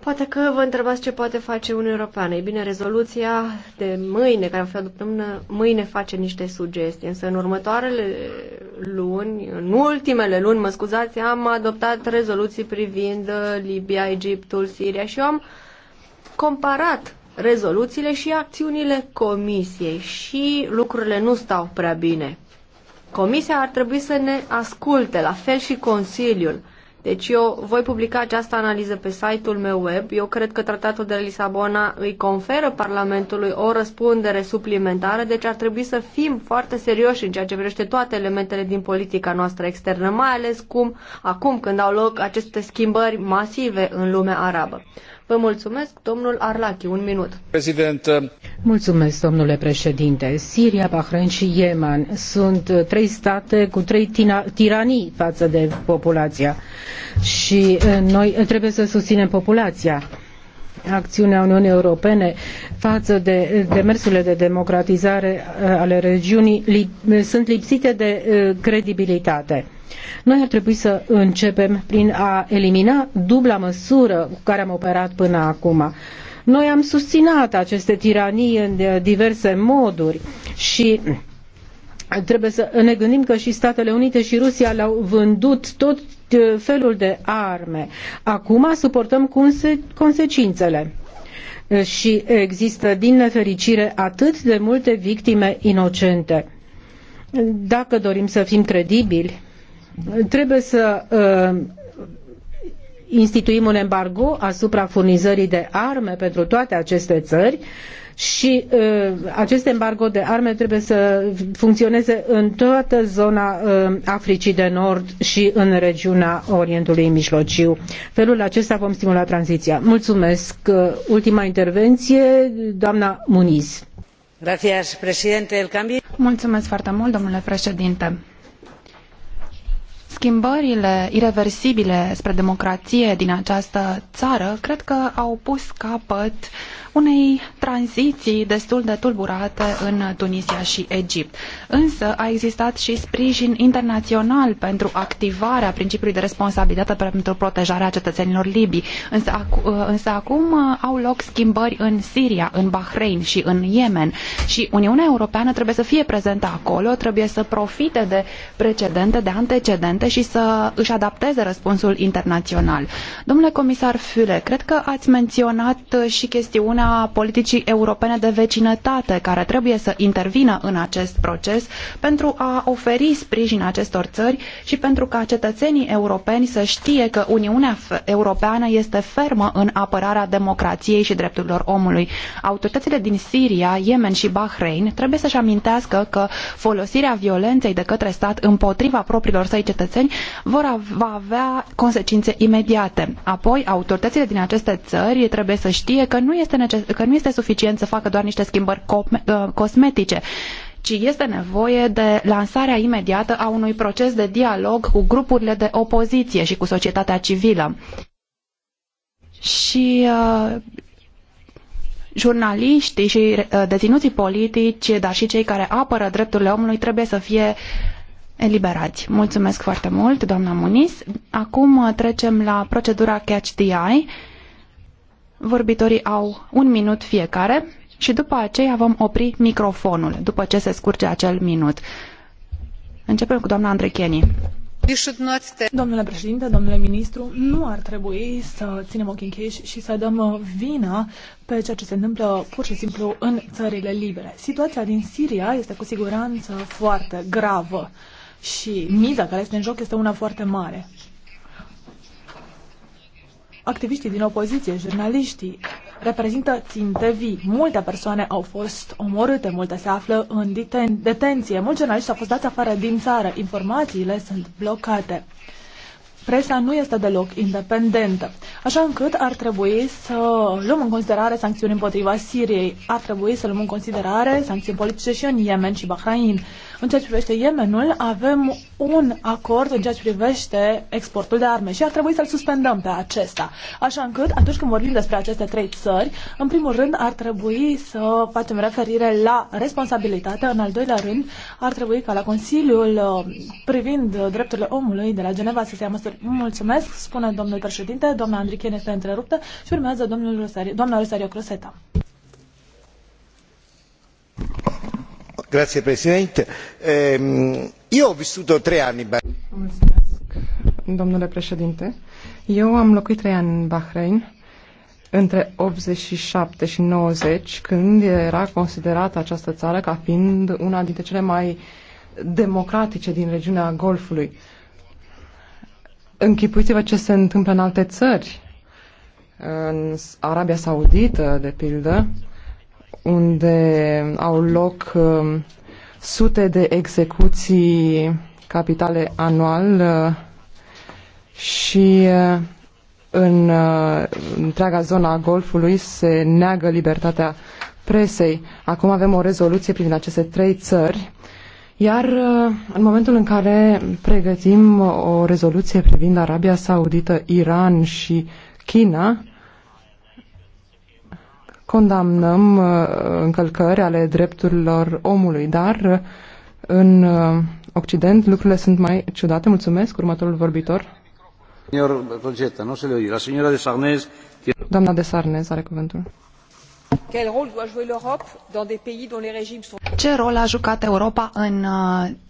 Poate că vă întrebați ce poate face Uniunea Europeană. Ei bine, rezoluția de mâine, care va fi adoptată mâine, face niște sugestii. Însă în următoarele luni, în ultimele luni, mă scuzați, am adoptat rezoluții privind uh, Libia, Egiptul, Siria și eu am comparat rezoluțiile și acțiunile comisiei și lucrurile nu stau prea bine. Comisia ar trebui să ne asculte, la fel și Consiliul. Deci eu voi publica această analiză pe site-ul meu web. Eu cred că tratatul de Lisabona îi conferă Parlamentului o răspundere suplimentară, deci ar trebui să fim foarte serioși în ceea ce privește toate elementele din politica noastră externă, mai ales cum acum când au loc aceste schimbări masive în lumea arabă. Vă mulțumesc, domnul Arlachi, un minut. Mulțumesc, domnule președinte. Siria, Bahrain și Yemen sunt trei state cu trei tiranii față de populația și eh, noi trebuie să susținem populația acțiunea Uniunii Europene față de eh, demersurile de democratizare eh, ale regiunii sunt lipsite de credibilitate noi ar trebui să începem prin a elimina dubla măsură cu care am operat până acum. Noi am susținut aceste tiranii în diverse moduri și trebuie să ne gândim că și Statele Unite și Rusia le-au vândut tot felul de arme. Acum suportăm conse- consecințele. Și există, din nefericire, atât de multe victime inocente. Dacă dorim să fim credibili, Trebuie să uh, instituim un embargo asupra furnizării de arme pentru toate aceste țări și uh, acest embargo de arme trebuie să funcționeze în toată zona uh, Africii de Nord și în regiunea Orientului Mijlociu. Felul acesta vom stimula tranziția. Mulțumesc. Ultima intervenție, doamna Muniz. Mulțumesc foarte mult, domnule președinte Schimbările irreversibile spre democrație din această țară cred că au pus capăt unei tranziții destul de tulburate în Tunisia și Egipt. Însă a existat și sprijin internațional pentru activarea principiului de responsabilitate pentru protejarea cetățenilor libii. Însă, acu ă, însă acum au loc schimbări în Siria, în Bahrain și în Yemen. Și Uniunea Europeană trebuie să fie prezentă acolo, trebuie să profite de precedente, de antecedente și să își adapteze răspunsul internațional. Domnule comisar Füle, cred că ați menționat uh, și chestiunea politicii europene de vecinătate, care trebuie să intervină în acest proces pentru a oferi sprijin acestor țări și pentru ca cetățenii europeni să știe că Uniunea Europeană este fermă în apărarea democrației și drepturilor omului. Autoritățile din Siria, Yemen și Bahrain trebuie să-și amintească că folosirea violenței de către stat împotriva propriilor săi cetățeni cetățeni vor va avea consecințe imediate. Apoi, autoritățile din aceste țări trebuie să știe că nu este, neces- că nu este suficient să facă doar niște schimbări ă, cosmetice, ci este nevoie de lansarea imediată a unui proces de dialog cu grupurile de opoziție și cu societatea civilă. Și uh, jurnaliștii și uh, deținuții politici, dar și cei care apără drepturile omului, trebuie să fie uh, eliberați. Mulțumesc foarte mult, doamna Muniz. Acum uh, trecem la procedura Catch the Eye. Vorbitorii au un minut fiecare și după aceea vom opri microfonul, după ce se scurge acel minut. Începem cu doamna Andrecheni. Domnule președinte, domnule ministru, nu ar trebui să ținem ochii încheiși și să dăm vina pe ceea ce se întâmplă pur și simplu în țările libere. Situația din Siria este cu siguranță foarte gravă și miza care este în joc este una foarte mare. Activiștii din opoziție, jurnaliștii, reprezintă ținte vii. Multe persoane au fost omorâte, multe se află în deten- detenție, mulți jurnaliști au fost dați afară din țară, informațiile sunt blocate. Presa nu este deloc independentă, așa încât ar trebui să luăm în considerare sancțiuni împotriva Siriei, ar trebui să luăm în considerare sancțiuni politice și în Yemen și Bahrain. În ceea ce privește Yemenul, avem un acord în ceea ce privește exportul de arme și ar trebui să-l suspendăm pe acesta. Așa încât, atunci când vorbim despre aceste trei țări, în primul rând ar trebui să facem referire la responsabilitate, în al doilea rând ar trebui ca la Consiliul uh, privind drepturile omului de la Geneva să se ia măsuri. Mulțumesc, spune domnul președinte, doamna Andrichien este întreruptă și urmează domnul Rosario, doamna Rosario Croseta. Eu am ehm, vissuto trei ani. Domnule președinte, eu am locuit trei ani în Bahrain între optzeci și nouăzeci când era considerată această țară ca fiind una dintre cele mai democratice din regiunea Golfului. Închipuiți-vă ce se întâmplă în alte țări, în Arabia Saudită, de pildă, unde au loc um, sute de execuții capitale anual uh, și uh, în uh, întreaga zona a Golfului se neagă libertatea presei. Acum avem o rezoluție privind aceste trei țări, iar în momentul în care pregătim o rezoluție privind Arabia Saudită, Iran și China, condamnăm uh, încălcări ale drepturilor omului, dar uh, în uh, Occident lucrurile sunt mai ciudate. Mulțumesc. Următorul vorbitor. Doamna de Sarnez are cuvântul. Ce rol a jucat Europa în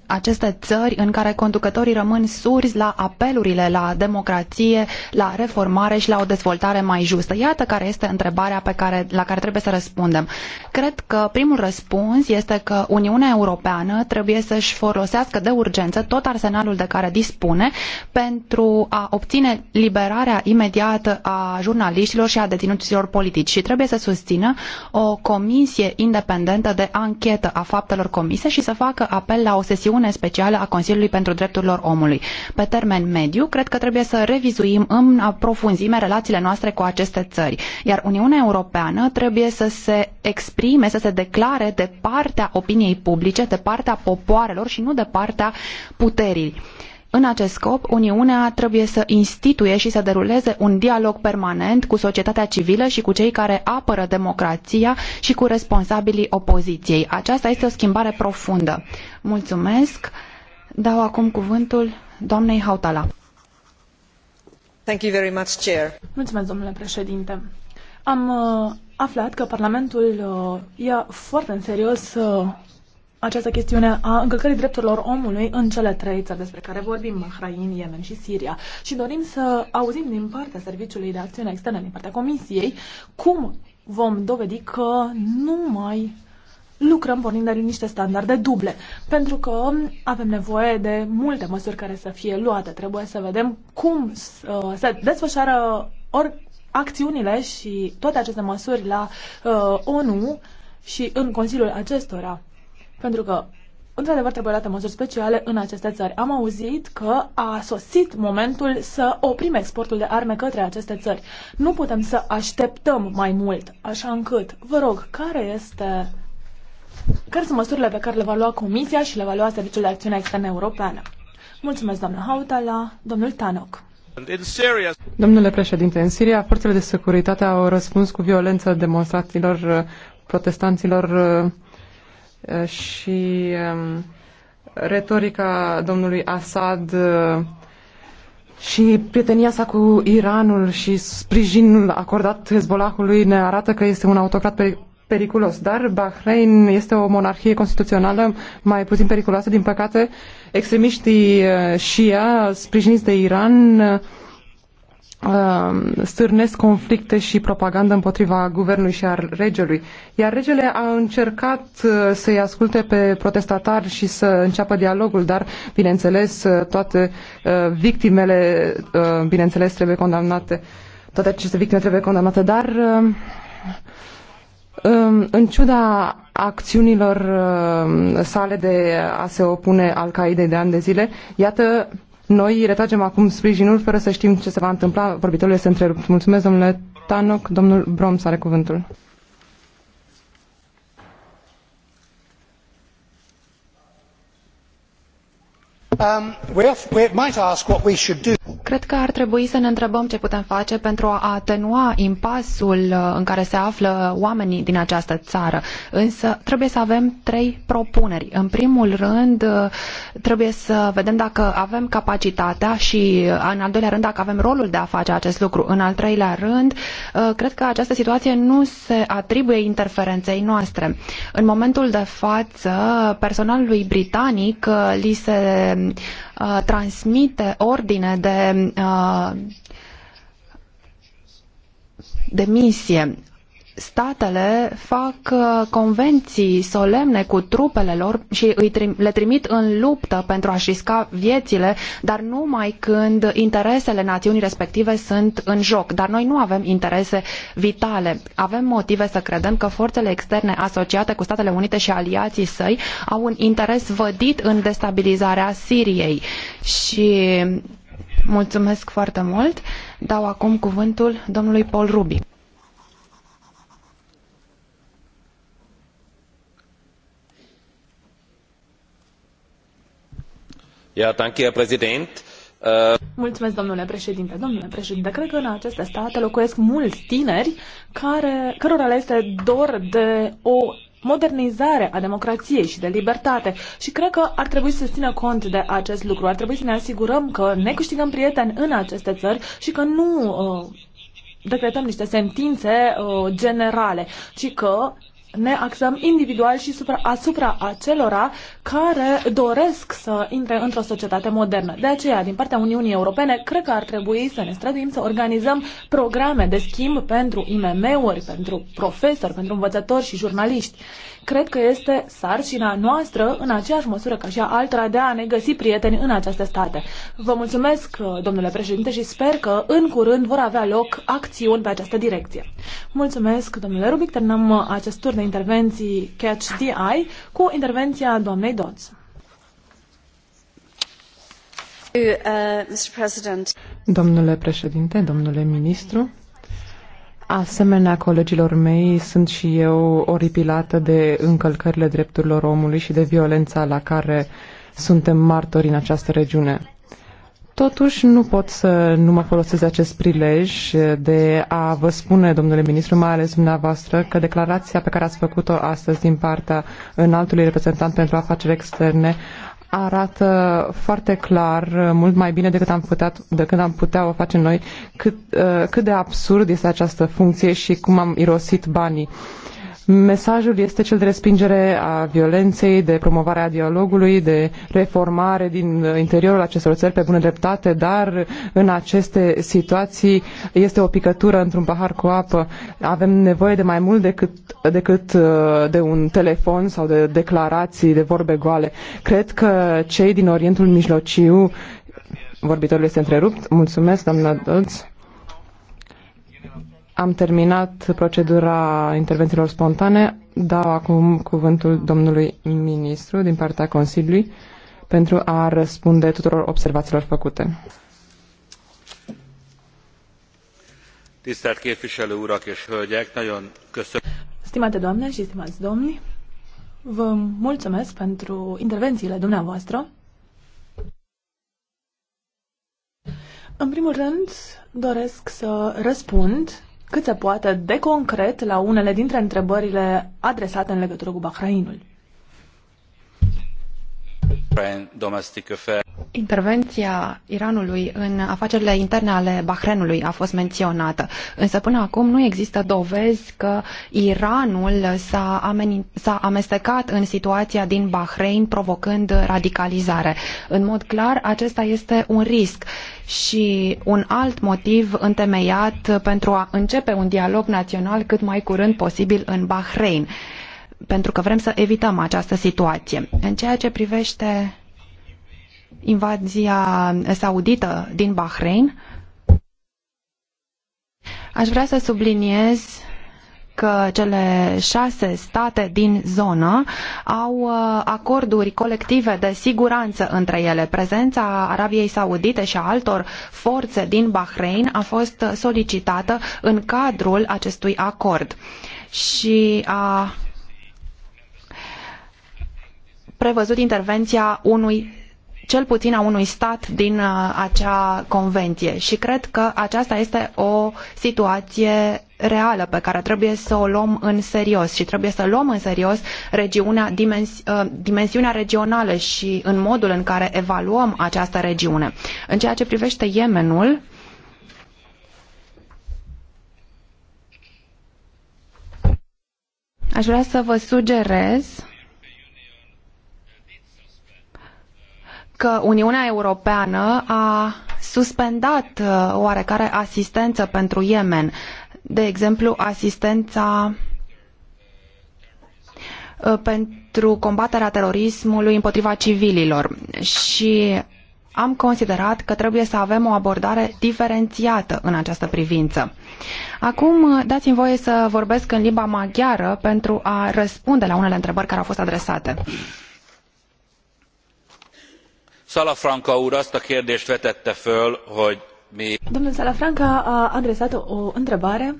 aceste țări în care conducătorii rămân surzi la apelurile la democrație, la reformare și la o dezvoltare mai justă? Iată care este întrebarea pe care, la care trebuie să răspundem. Cred că primul răspuns este că Uniunea Europeană trebuie să-și folosească de urgență tot arsenalul de care dispune pentru a obține liberarea imediată a jurnaliștilor și a deținuților politici și trebuie să susțină o comisie independentă de anchetă a faptelor comise și să facă apel la o sesiune misiune specială a Consiliului pentru Drepturile Omului. Pe termen mediu, cred că trebuie să revizuim în profunzime relațiile noastre cu aceste țări, iar Uniunea Europeană trebuie să se exprime, să se declare de partea opiniei publice, de partea popoarelor și nu de partea puterii în acest scop, Uniunea trebuie să instituie și să deruleze un dialog permanent cu societatea civilă și cu cei care apără democrația și cu responsabilii opoziției. Aceasta este o schimbare profundă. Mulțumesc. Dau acum cuvântul doamnei Hautala. Thank you very much, Chair. Mulțumesc, domnule președinte. Am uh, aflat că Parlamentul uh, ia foarte în serios uh, această chestiune a încălcării drepturilor omului în cele trei țări despre care vorbim, Bahrain, Yemen și Siria. Și dorim să auzim din partea Serviciului de Acțiune Externă, din partea Comisiei, cum vom dovedi că nu mai lucrăm pornind de niște standarde duble, pentru că avem nevoie de multe măsuri care să fie luate. Trebuie să vedem cum uh, se desfășoară ori acțiunile și toate aceste măsuri la uh, ONU și în Consiliul acestora. Pentru că, într-adevăr, trebuie luate măsuri speciale în aceste țări. Am auzit că a sosit momentul să oprim exportul de arme către aceste țări. Nu putem să așteptăm mai mult, așa încât, vă rog, care este... Care sunt măsurile pe care le va lua Comisia și le va lua Serviciul de Acțiune Externă Europeană? Mulțumesc, doamnă Hautala, domnul Tanok. Domnule președinte, în Siria, forțele de securitate au răspuns cu violență demonstrațiilor uh, protestanților uh, și um, retorica domnului Assad uh, și prietenia sa cu Iranul și sprijinul acordat Hezbollahului ne arată că este un autocrat pe periculos, dar Bahrain este o monarhie constituțională mai puțin periculoasă, din păcate. Extremiștii Shia, uh, sprijiniți de Iran, uh, Uh, stârnesc conflicte și propagandă împotriva guvernului și a regelui. Iar regele a încercat uh, să-i asculte pe protestatari și să înceapă dialogul, dar, bineînțeles, uh, toate victimele, bineînțeles, trebuie condamnate. Toate aceste victime trebuie condamnate, dar um, în ciuda acțiunilor sale de a se opune al Qaeda de ani de zile, iată noi retragem acum sprijinul fără să știm ce se va întâmpla. Vorbitorul este întrerupt. Mulțumesc, domnule Tanoc. Domnul Broms are cuvântul. Cred că ar trebui să ne întrebăm ce putem face pentru a atenua impasul uh, în care se află oamenii din această țară. Însă trebuie să avem trei propuneri. În primul rând, uh, trebuie să vedem dacă avem capacitatea și, uh, în al doilea rând, dacă avem rolul de a face acest lucru. În al treilea rând, cred că această situație nu se atribuie interferenței noastre. În momentul de față, personalului britanic li se Uh, transmite ordine de demisie. Uh, de misie statele fac uh, convenții solemne cu trupele lor și îi le trimit în luptă pentru a-și risca viețile, dar numai când interesele națiunii respective sunt în joc. Dar noi nu avem interese vitale. Avem motive să credem că forțele externe asociate cu Statele Unite și aliații săi au un interes vădit în destabilizarea Siriei. Și mulțumesc foarte mult. Dau acum cuvântul domnului Paul Rubic. Äh, Mulțumesc, domnule președinte. Domnule președinte, cred că în aceste state locuiesc mulți tineri cărora le este dor de o modernizare a democrației și de libertate și cred că ar trebui să țină cont de acest lucru. Ar trebui să ne asigurăm că ne câștigăm prieteni în aceste țări și că nu uh, decretăm niște sentințe uh, generale, ci că ne axăm individual și supra, asupra acelora care doresc să intre într-o societate modernă. De aceea, din partea Uniunii Europene, cred că ar trebui să ne străduim să organizăm programe de schimb pentru IMM-uri, pentru profesori, pentru învățători și jurnaliști. Cred că este sarcina noastră, în aceeași măsură ca și a altora, de a ne găsi prieteni în aceste state. Vă mulțumesc, domnule președinte, și sper că în curând vor avea loc acțiuni pe această direcție. Mulțumesc, domnule Rubic, terminăm acest turn de intervenții Catch the Eye cu intervenția doamnei Dodds. Uh, domnule președinte, domnule ministru, Asemenea colegilor mei, sunt și eu oripilată de încălcările drepturilor omului și de violența la care suntem martori în această regiune. Totuși nu pot să nu mă folosesc acest prilej de a vă spune, domnule ministru, mai ales dumneavoastră, că declarația pe care ați făcut-o astăzi din partea înaltului reprezentant pentru afaceri externe arată foarte clar, mult mai bine decât am putea, decât am putea o face noi, cât, uh, cât de absurd este această funcție și cum am irosit banii. Uh, Mesajul este cel de respingere a violenței, de promovarea dialogului, de reformare din interiorul acestor țări pe bună dreptate, dar în aceste situații este o picătură într-un pahar cu apă. Avem nevoie de mai mult decât, decât uh, de un telefon sau de declarații, de vorbe goale. Cred că cei din Orientul Mijlociu Vorbitorul este întrerupt. Mulțumesc, doamna Dolț. Am terminat procedura intervențiilor spontane. Dau acum cuvântul domnului ministru din partea Consiliului pentru a răspunde tuturor observațiilor făcute. Stimate doamne și stimați domni, vă mulțumesc pentru intervențiile dumneavoastră. În primul rând, doresc să răspund cât se poate de concret la unele dintre întrebările adresate în legătură cu Bahrainul. Intervenția Iranului în afacerile interne ale Bahrenului a fost menționată, însă până acum nu există dovezi că Iranul s-a, amestecat în situația din Bahrein, provocând radicalizare. În mod clar, acesta este un risc și un alt motiv întemeiat pentru a începe un dialog național cât mai curând posibil în Bahrein pentru că vrem să evităm această situație. În ceea ce privește invazia saudită din Bahrain, aș vrea să subliniez că cele șase state din zonă au uh, acorduri colective de siguranță între ele. Prezența Arabiei Saudite și a altor forțe din Bahrain a fost solicitată în cadrul acestui acord și a prevăzut intervenția unui cel puțin a unui stat din uh, acea convenție și cred că aceasta este o situație reală pe care trebuie să o luăm în serios și trebuie să luăm în serios regiunea, uh, dimensiunea regională și în modul în care evaluăm această regiune. În ceea ce privește Yemenul, aș vrea să vă sugerez că Uniunea Europeană a suspendat uh, oarecare asistență pentru Yemen, de exemplu asistența uh, pentru combaterea terorismului împotriva civililor și am considerat că trebuie să avem o abordare diferențiată în această privință. Acum uh, dați-mi voie să vorbesc în limba maghiară pentru a răspunde la unele întrebări care au fost adresate salafranca úr azt a kérdést vetette föl hogy mi. domnul salafranca a adresat o întrebare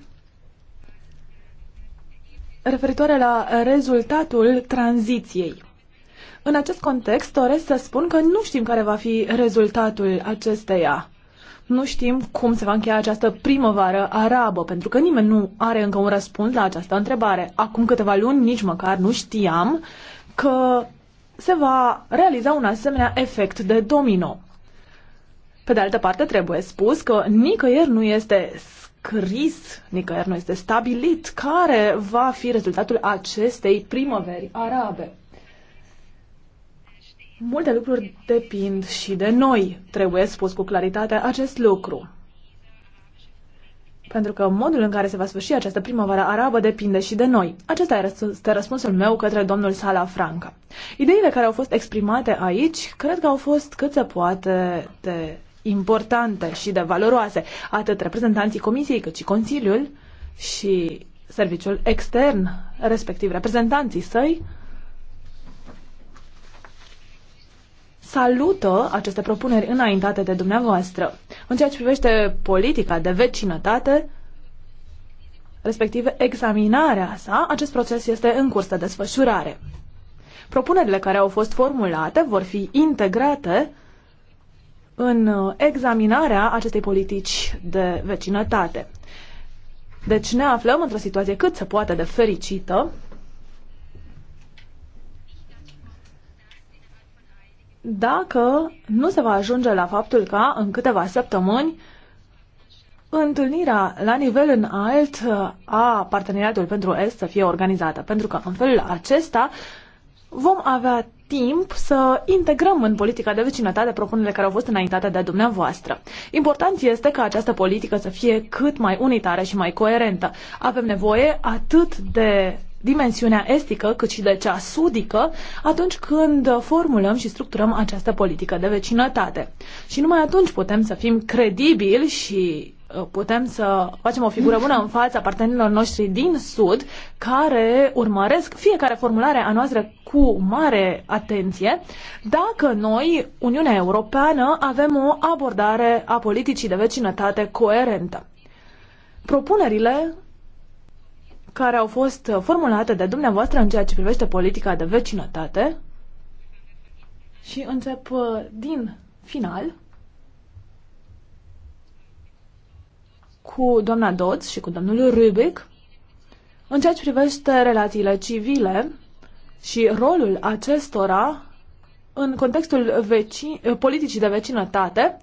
referitoare la rezultatul tranziției. În acest context doresc să spun că nu știm care va fi rezultatul acesteia. Nu știm cum se va încheia această primăvară arabă, pentru că nimeni nu are încă un răspuns la această întrebare. Acum câteva luni nici măcar nu știam că se va realiza un asemenea efect de domino. Pe de altă parte, trebuie spus că nicăieri nu este scris, nicăieri nu este stabilit care va fi rezultatul acestei primăveri arabe. Multe lucruri depind și de noi. Trebuie spus cu claritate acest lucru. Pentru că modul în care se va sfârși această primăvară arabă depinde și de noi. Acesta este răspunsul meu către domnul Sala Franca. Ideile care au fost exprimate aici cred că au fost cât se poate de importante și de valoroase. Atât reprezentanții Comisiei cât și Consiliul și serviciul extern, respectiv reprezentanții săi, salută aceste propuneri înaintate de dumneavoastră. În ceea ce privește politica de vecinătate, respectiv examinarea sa, acest proces este în curs de desfășurare. Propunerile care au fost formulate vor fi integrate în examinarea acestei politici de vecinătate. Deci ne aflăm într-o situație cât se poate de fericită dacă nu se va ajunge la faptul ca în câteva săptămâni întâlnirea la nivel înalt uh, a parteneriatului pentru Est să fie organizată, pentru că în felul acesta vom avea timp să integrăm în politica de vecinătate propunerile care au fost înaintate de dumneavoastră. Important este ca această politică să fie cât mai unitară și mai coerentă. Avem nevoie atât de dimensiunea estică cât și de cea sudică atunci când formulăm și structurăm această politică de vecinătate. Și numai atunci putem să fim credibili și uh, putem să facem o figură bună în fața partenerilor noștri din Sud care urmăresc fiecare formulare a noastră cu mare atenție dacă noi, Uniunea Europeană, avem o abordare a politicii de vecinătate coerentă. Propunerile care au fost uh, formulate de dumneavoastră în ceea ce privește politica de vecinătate. Și încep uh, din final cu doamna Dodds și cu domnul Rubic în ceea ce privește relațiile civile și rolul acestora în contextul politicii de vecinătate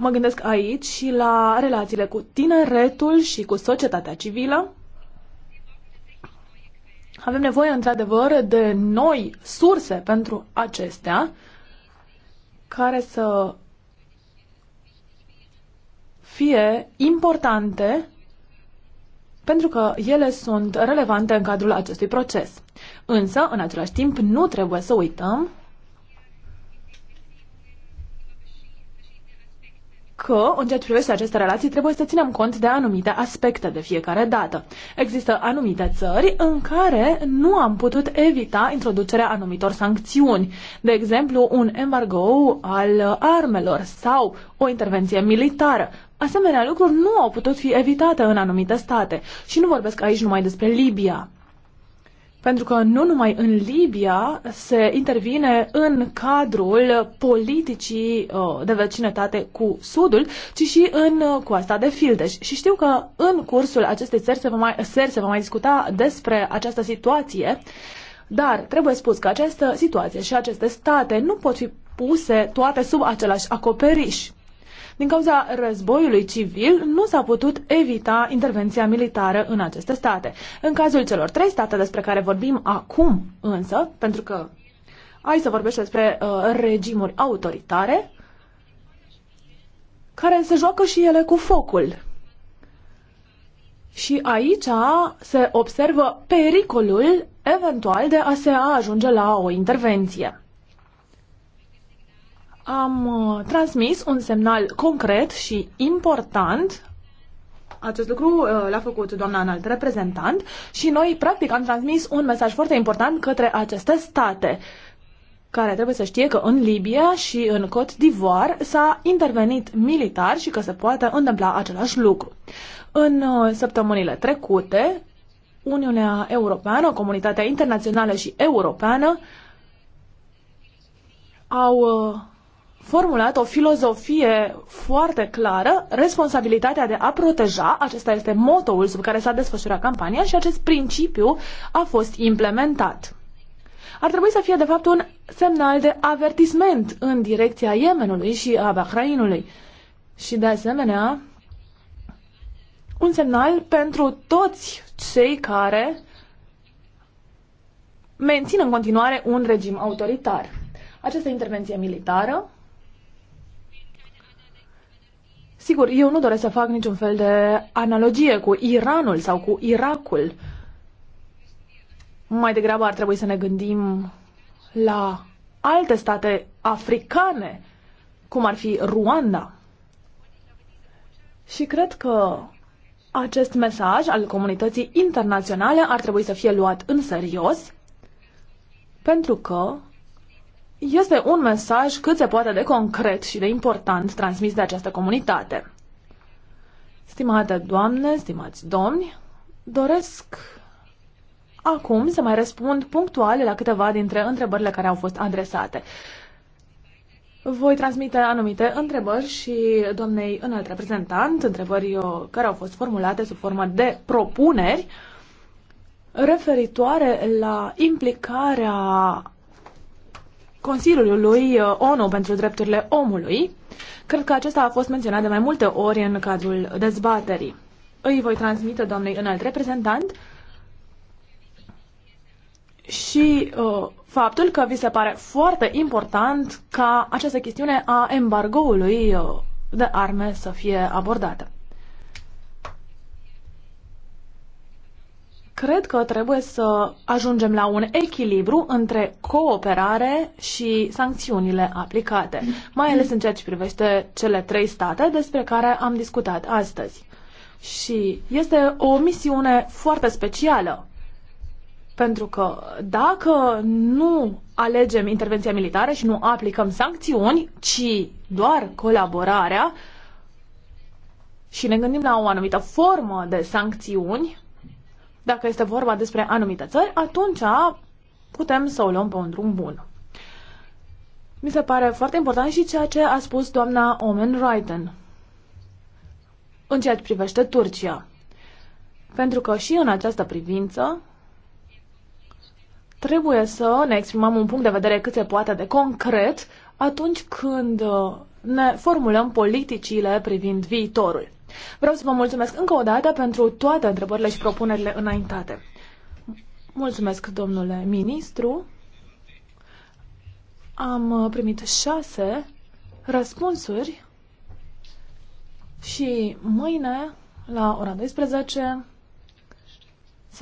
Mă gândesc aici și la relațiile cu tineretul și cu societatea civilă. Avem nevoie, într-adevăr, de noi surse pentru acestea care să fie importante pentru că ele sunt relevante în cadrul acestui proces. Însă, în același timp, nu trebuie să uităm că, în ceea ce privește aceste relații, trebuie să ținem cont de anumite aspecte de fiecare dată. Există anumite țări în care nu am putut evita introducerea anumitor sancțiuni, de exemplu un embargo al armelor sau o intervenție militară. Asemenea lucruri nu au putut fi evitate în anumite state și nu vorbesc aici numai despre Libia. Pentru că nu numai în Libia se intervine în cadrul politicii uh, de vecinătate cu Sudul, ci și în uh, coasta de Fildeș. Și știu că în cursul acestei seri se va mai, seri se va mai discuta despre această situație, dar trebuie spus că această situație și aceste state nu pot fi puse toate sub același acoperiș. Din cauza războiului civil, nu s-a putut evita intervenția militară în aceste state. În cazul celor trei state despre care vorbim acum, însă, pentru că ai să vorbește despre uh, regimuri autoritare, care se joacă și ele cu focul. Și aici se observă pericolul eventual de a se ajunge la o intervenție am uh, transmis un semnal concret și important acest lucru uh, l-a făcut doamna înalt reprezentant și noi, practic, am transmis un mesaj foarte important către aceste state care trebuie să știe că în Libia și în Côte d'Ivoire s-a intervenit militar și că se poate întâmpla același lucru. În uh, săptămânile trecute, Uniunea Europeană, comunitatea internațională și europeană au formulat o filozofie foarte clară, responsabilitatea de a proteja, acesta este motoul sub care s-a desfășurat campania și acest principiu a fost implementat. Ar trebui să fie, de fapt, un semnal de avertisment în direcția Yemenului și a Bahrainului. Și, de asemenea, un semnal pentru toți cei care mențin în continuare un regim autoritar. Această intervenție militară Sigur, eu nu doresc să fac niciun fel de analogie cu Iranul sau cu Irakul. Mai degrabă ar trebui să ne gândim la alte state africane, cum ar fi Ruanda. Și cred că acest mesaj al comunității internaționale ar trebui să fie luat în serios, pentru că este un mesaj cât se poate de concret și de important transmis de această comunitate. Stimate doamne, stimați domni, doresc acum să mai răspund punctual la câteva dintre întrebările care au fost adresate. Voi transmite anumite întrebări și doamnei înalt reprezentant, întrebări uh, care au fost formulate sub formă de propuneri referitoare la implicarea Consiliului uh, ONU pentru Drepturile Omului. Cred că acesta a fost menționat de mai multe ori în cadrul dezbaterii. Îi voi transmite doamnei înalt reprezentant și uh, faptul că vi se pare foarte important ca această chestiune a embargoului uh, de arme să fie abordată. Cred că trebuie să ajungem la un echilibru între cooperare și sancțiunile aplicate, mai ales în ceea ce privește cele trei state despre care am discutat astăzi. Și este o misiune foarte specială, pentru că dacă nu alegem intervenția militară și nu aplicăm sancțiuni, ci doar colaborarea, și ne gândim la o anumită formă de sancțiuni, dacă este vorba despre anumite țări, atunci putem să o luăm pe un drum bun. Mi se pare foarte important și ceea ce a spus doamna Omen Reiten în ceea ce privește Turcia. Pentru că și în această privință trebuie să ne exprimăm un punct de vedere cât se poate de concret atunci când uh, ne formulăm politicile privind viitorul. Vreau să vă mulțumesc încă o dată pentru toate întrebările și propunerile înaintate. Mulțumesc, domnule ministru. Am uh, primit șase răspunsuri și mâine, la ora 12,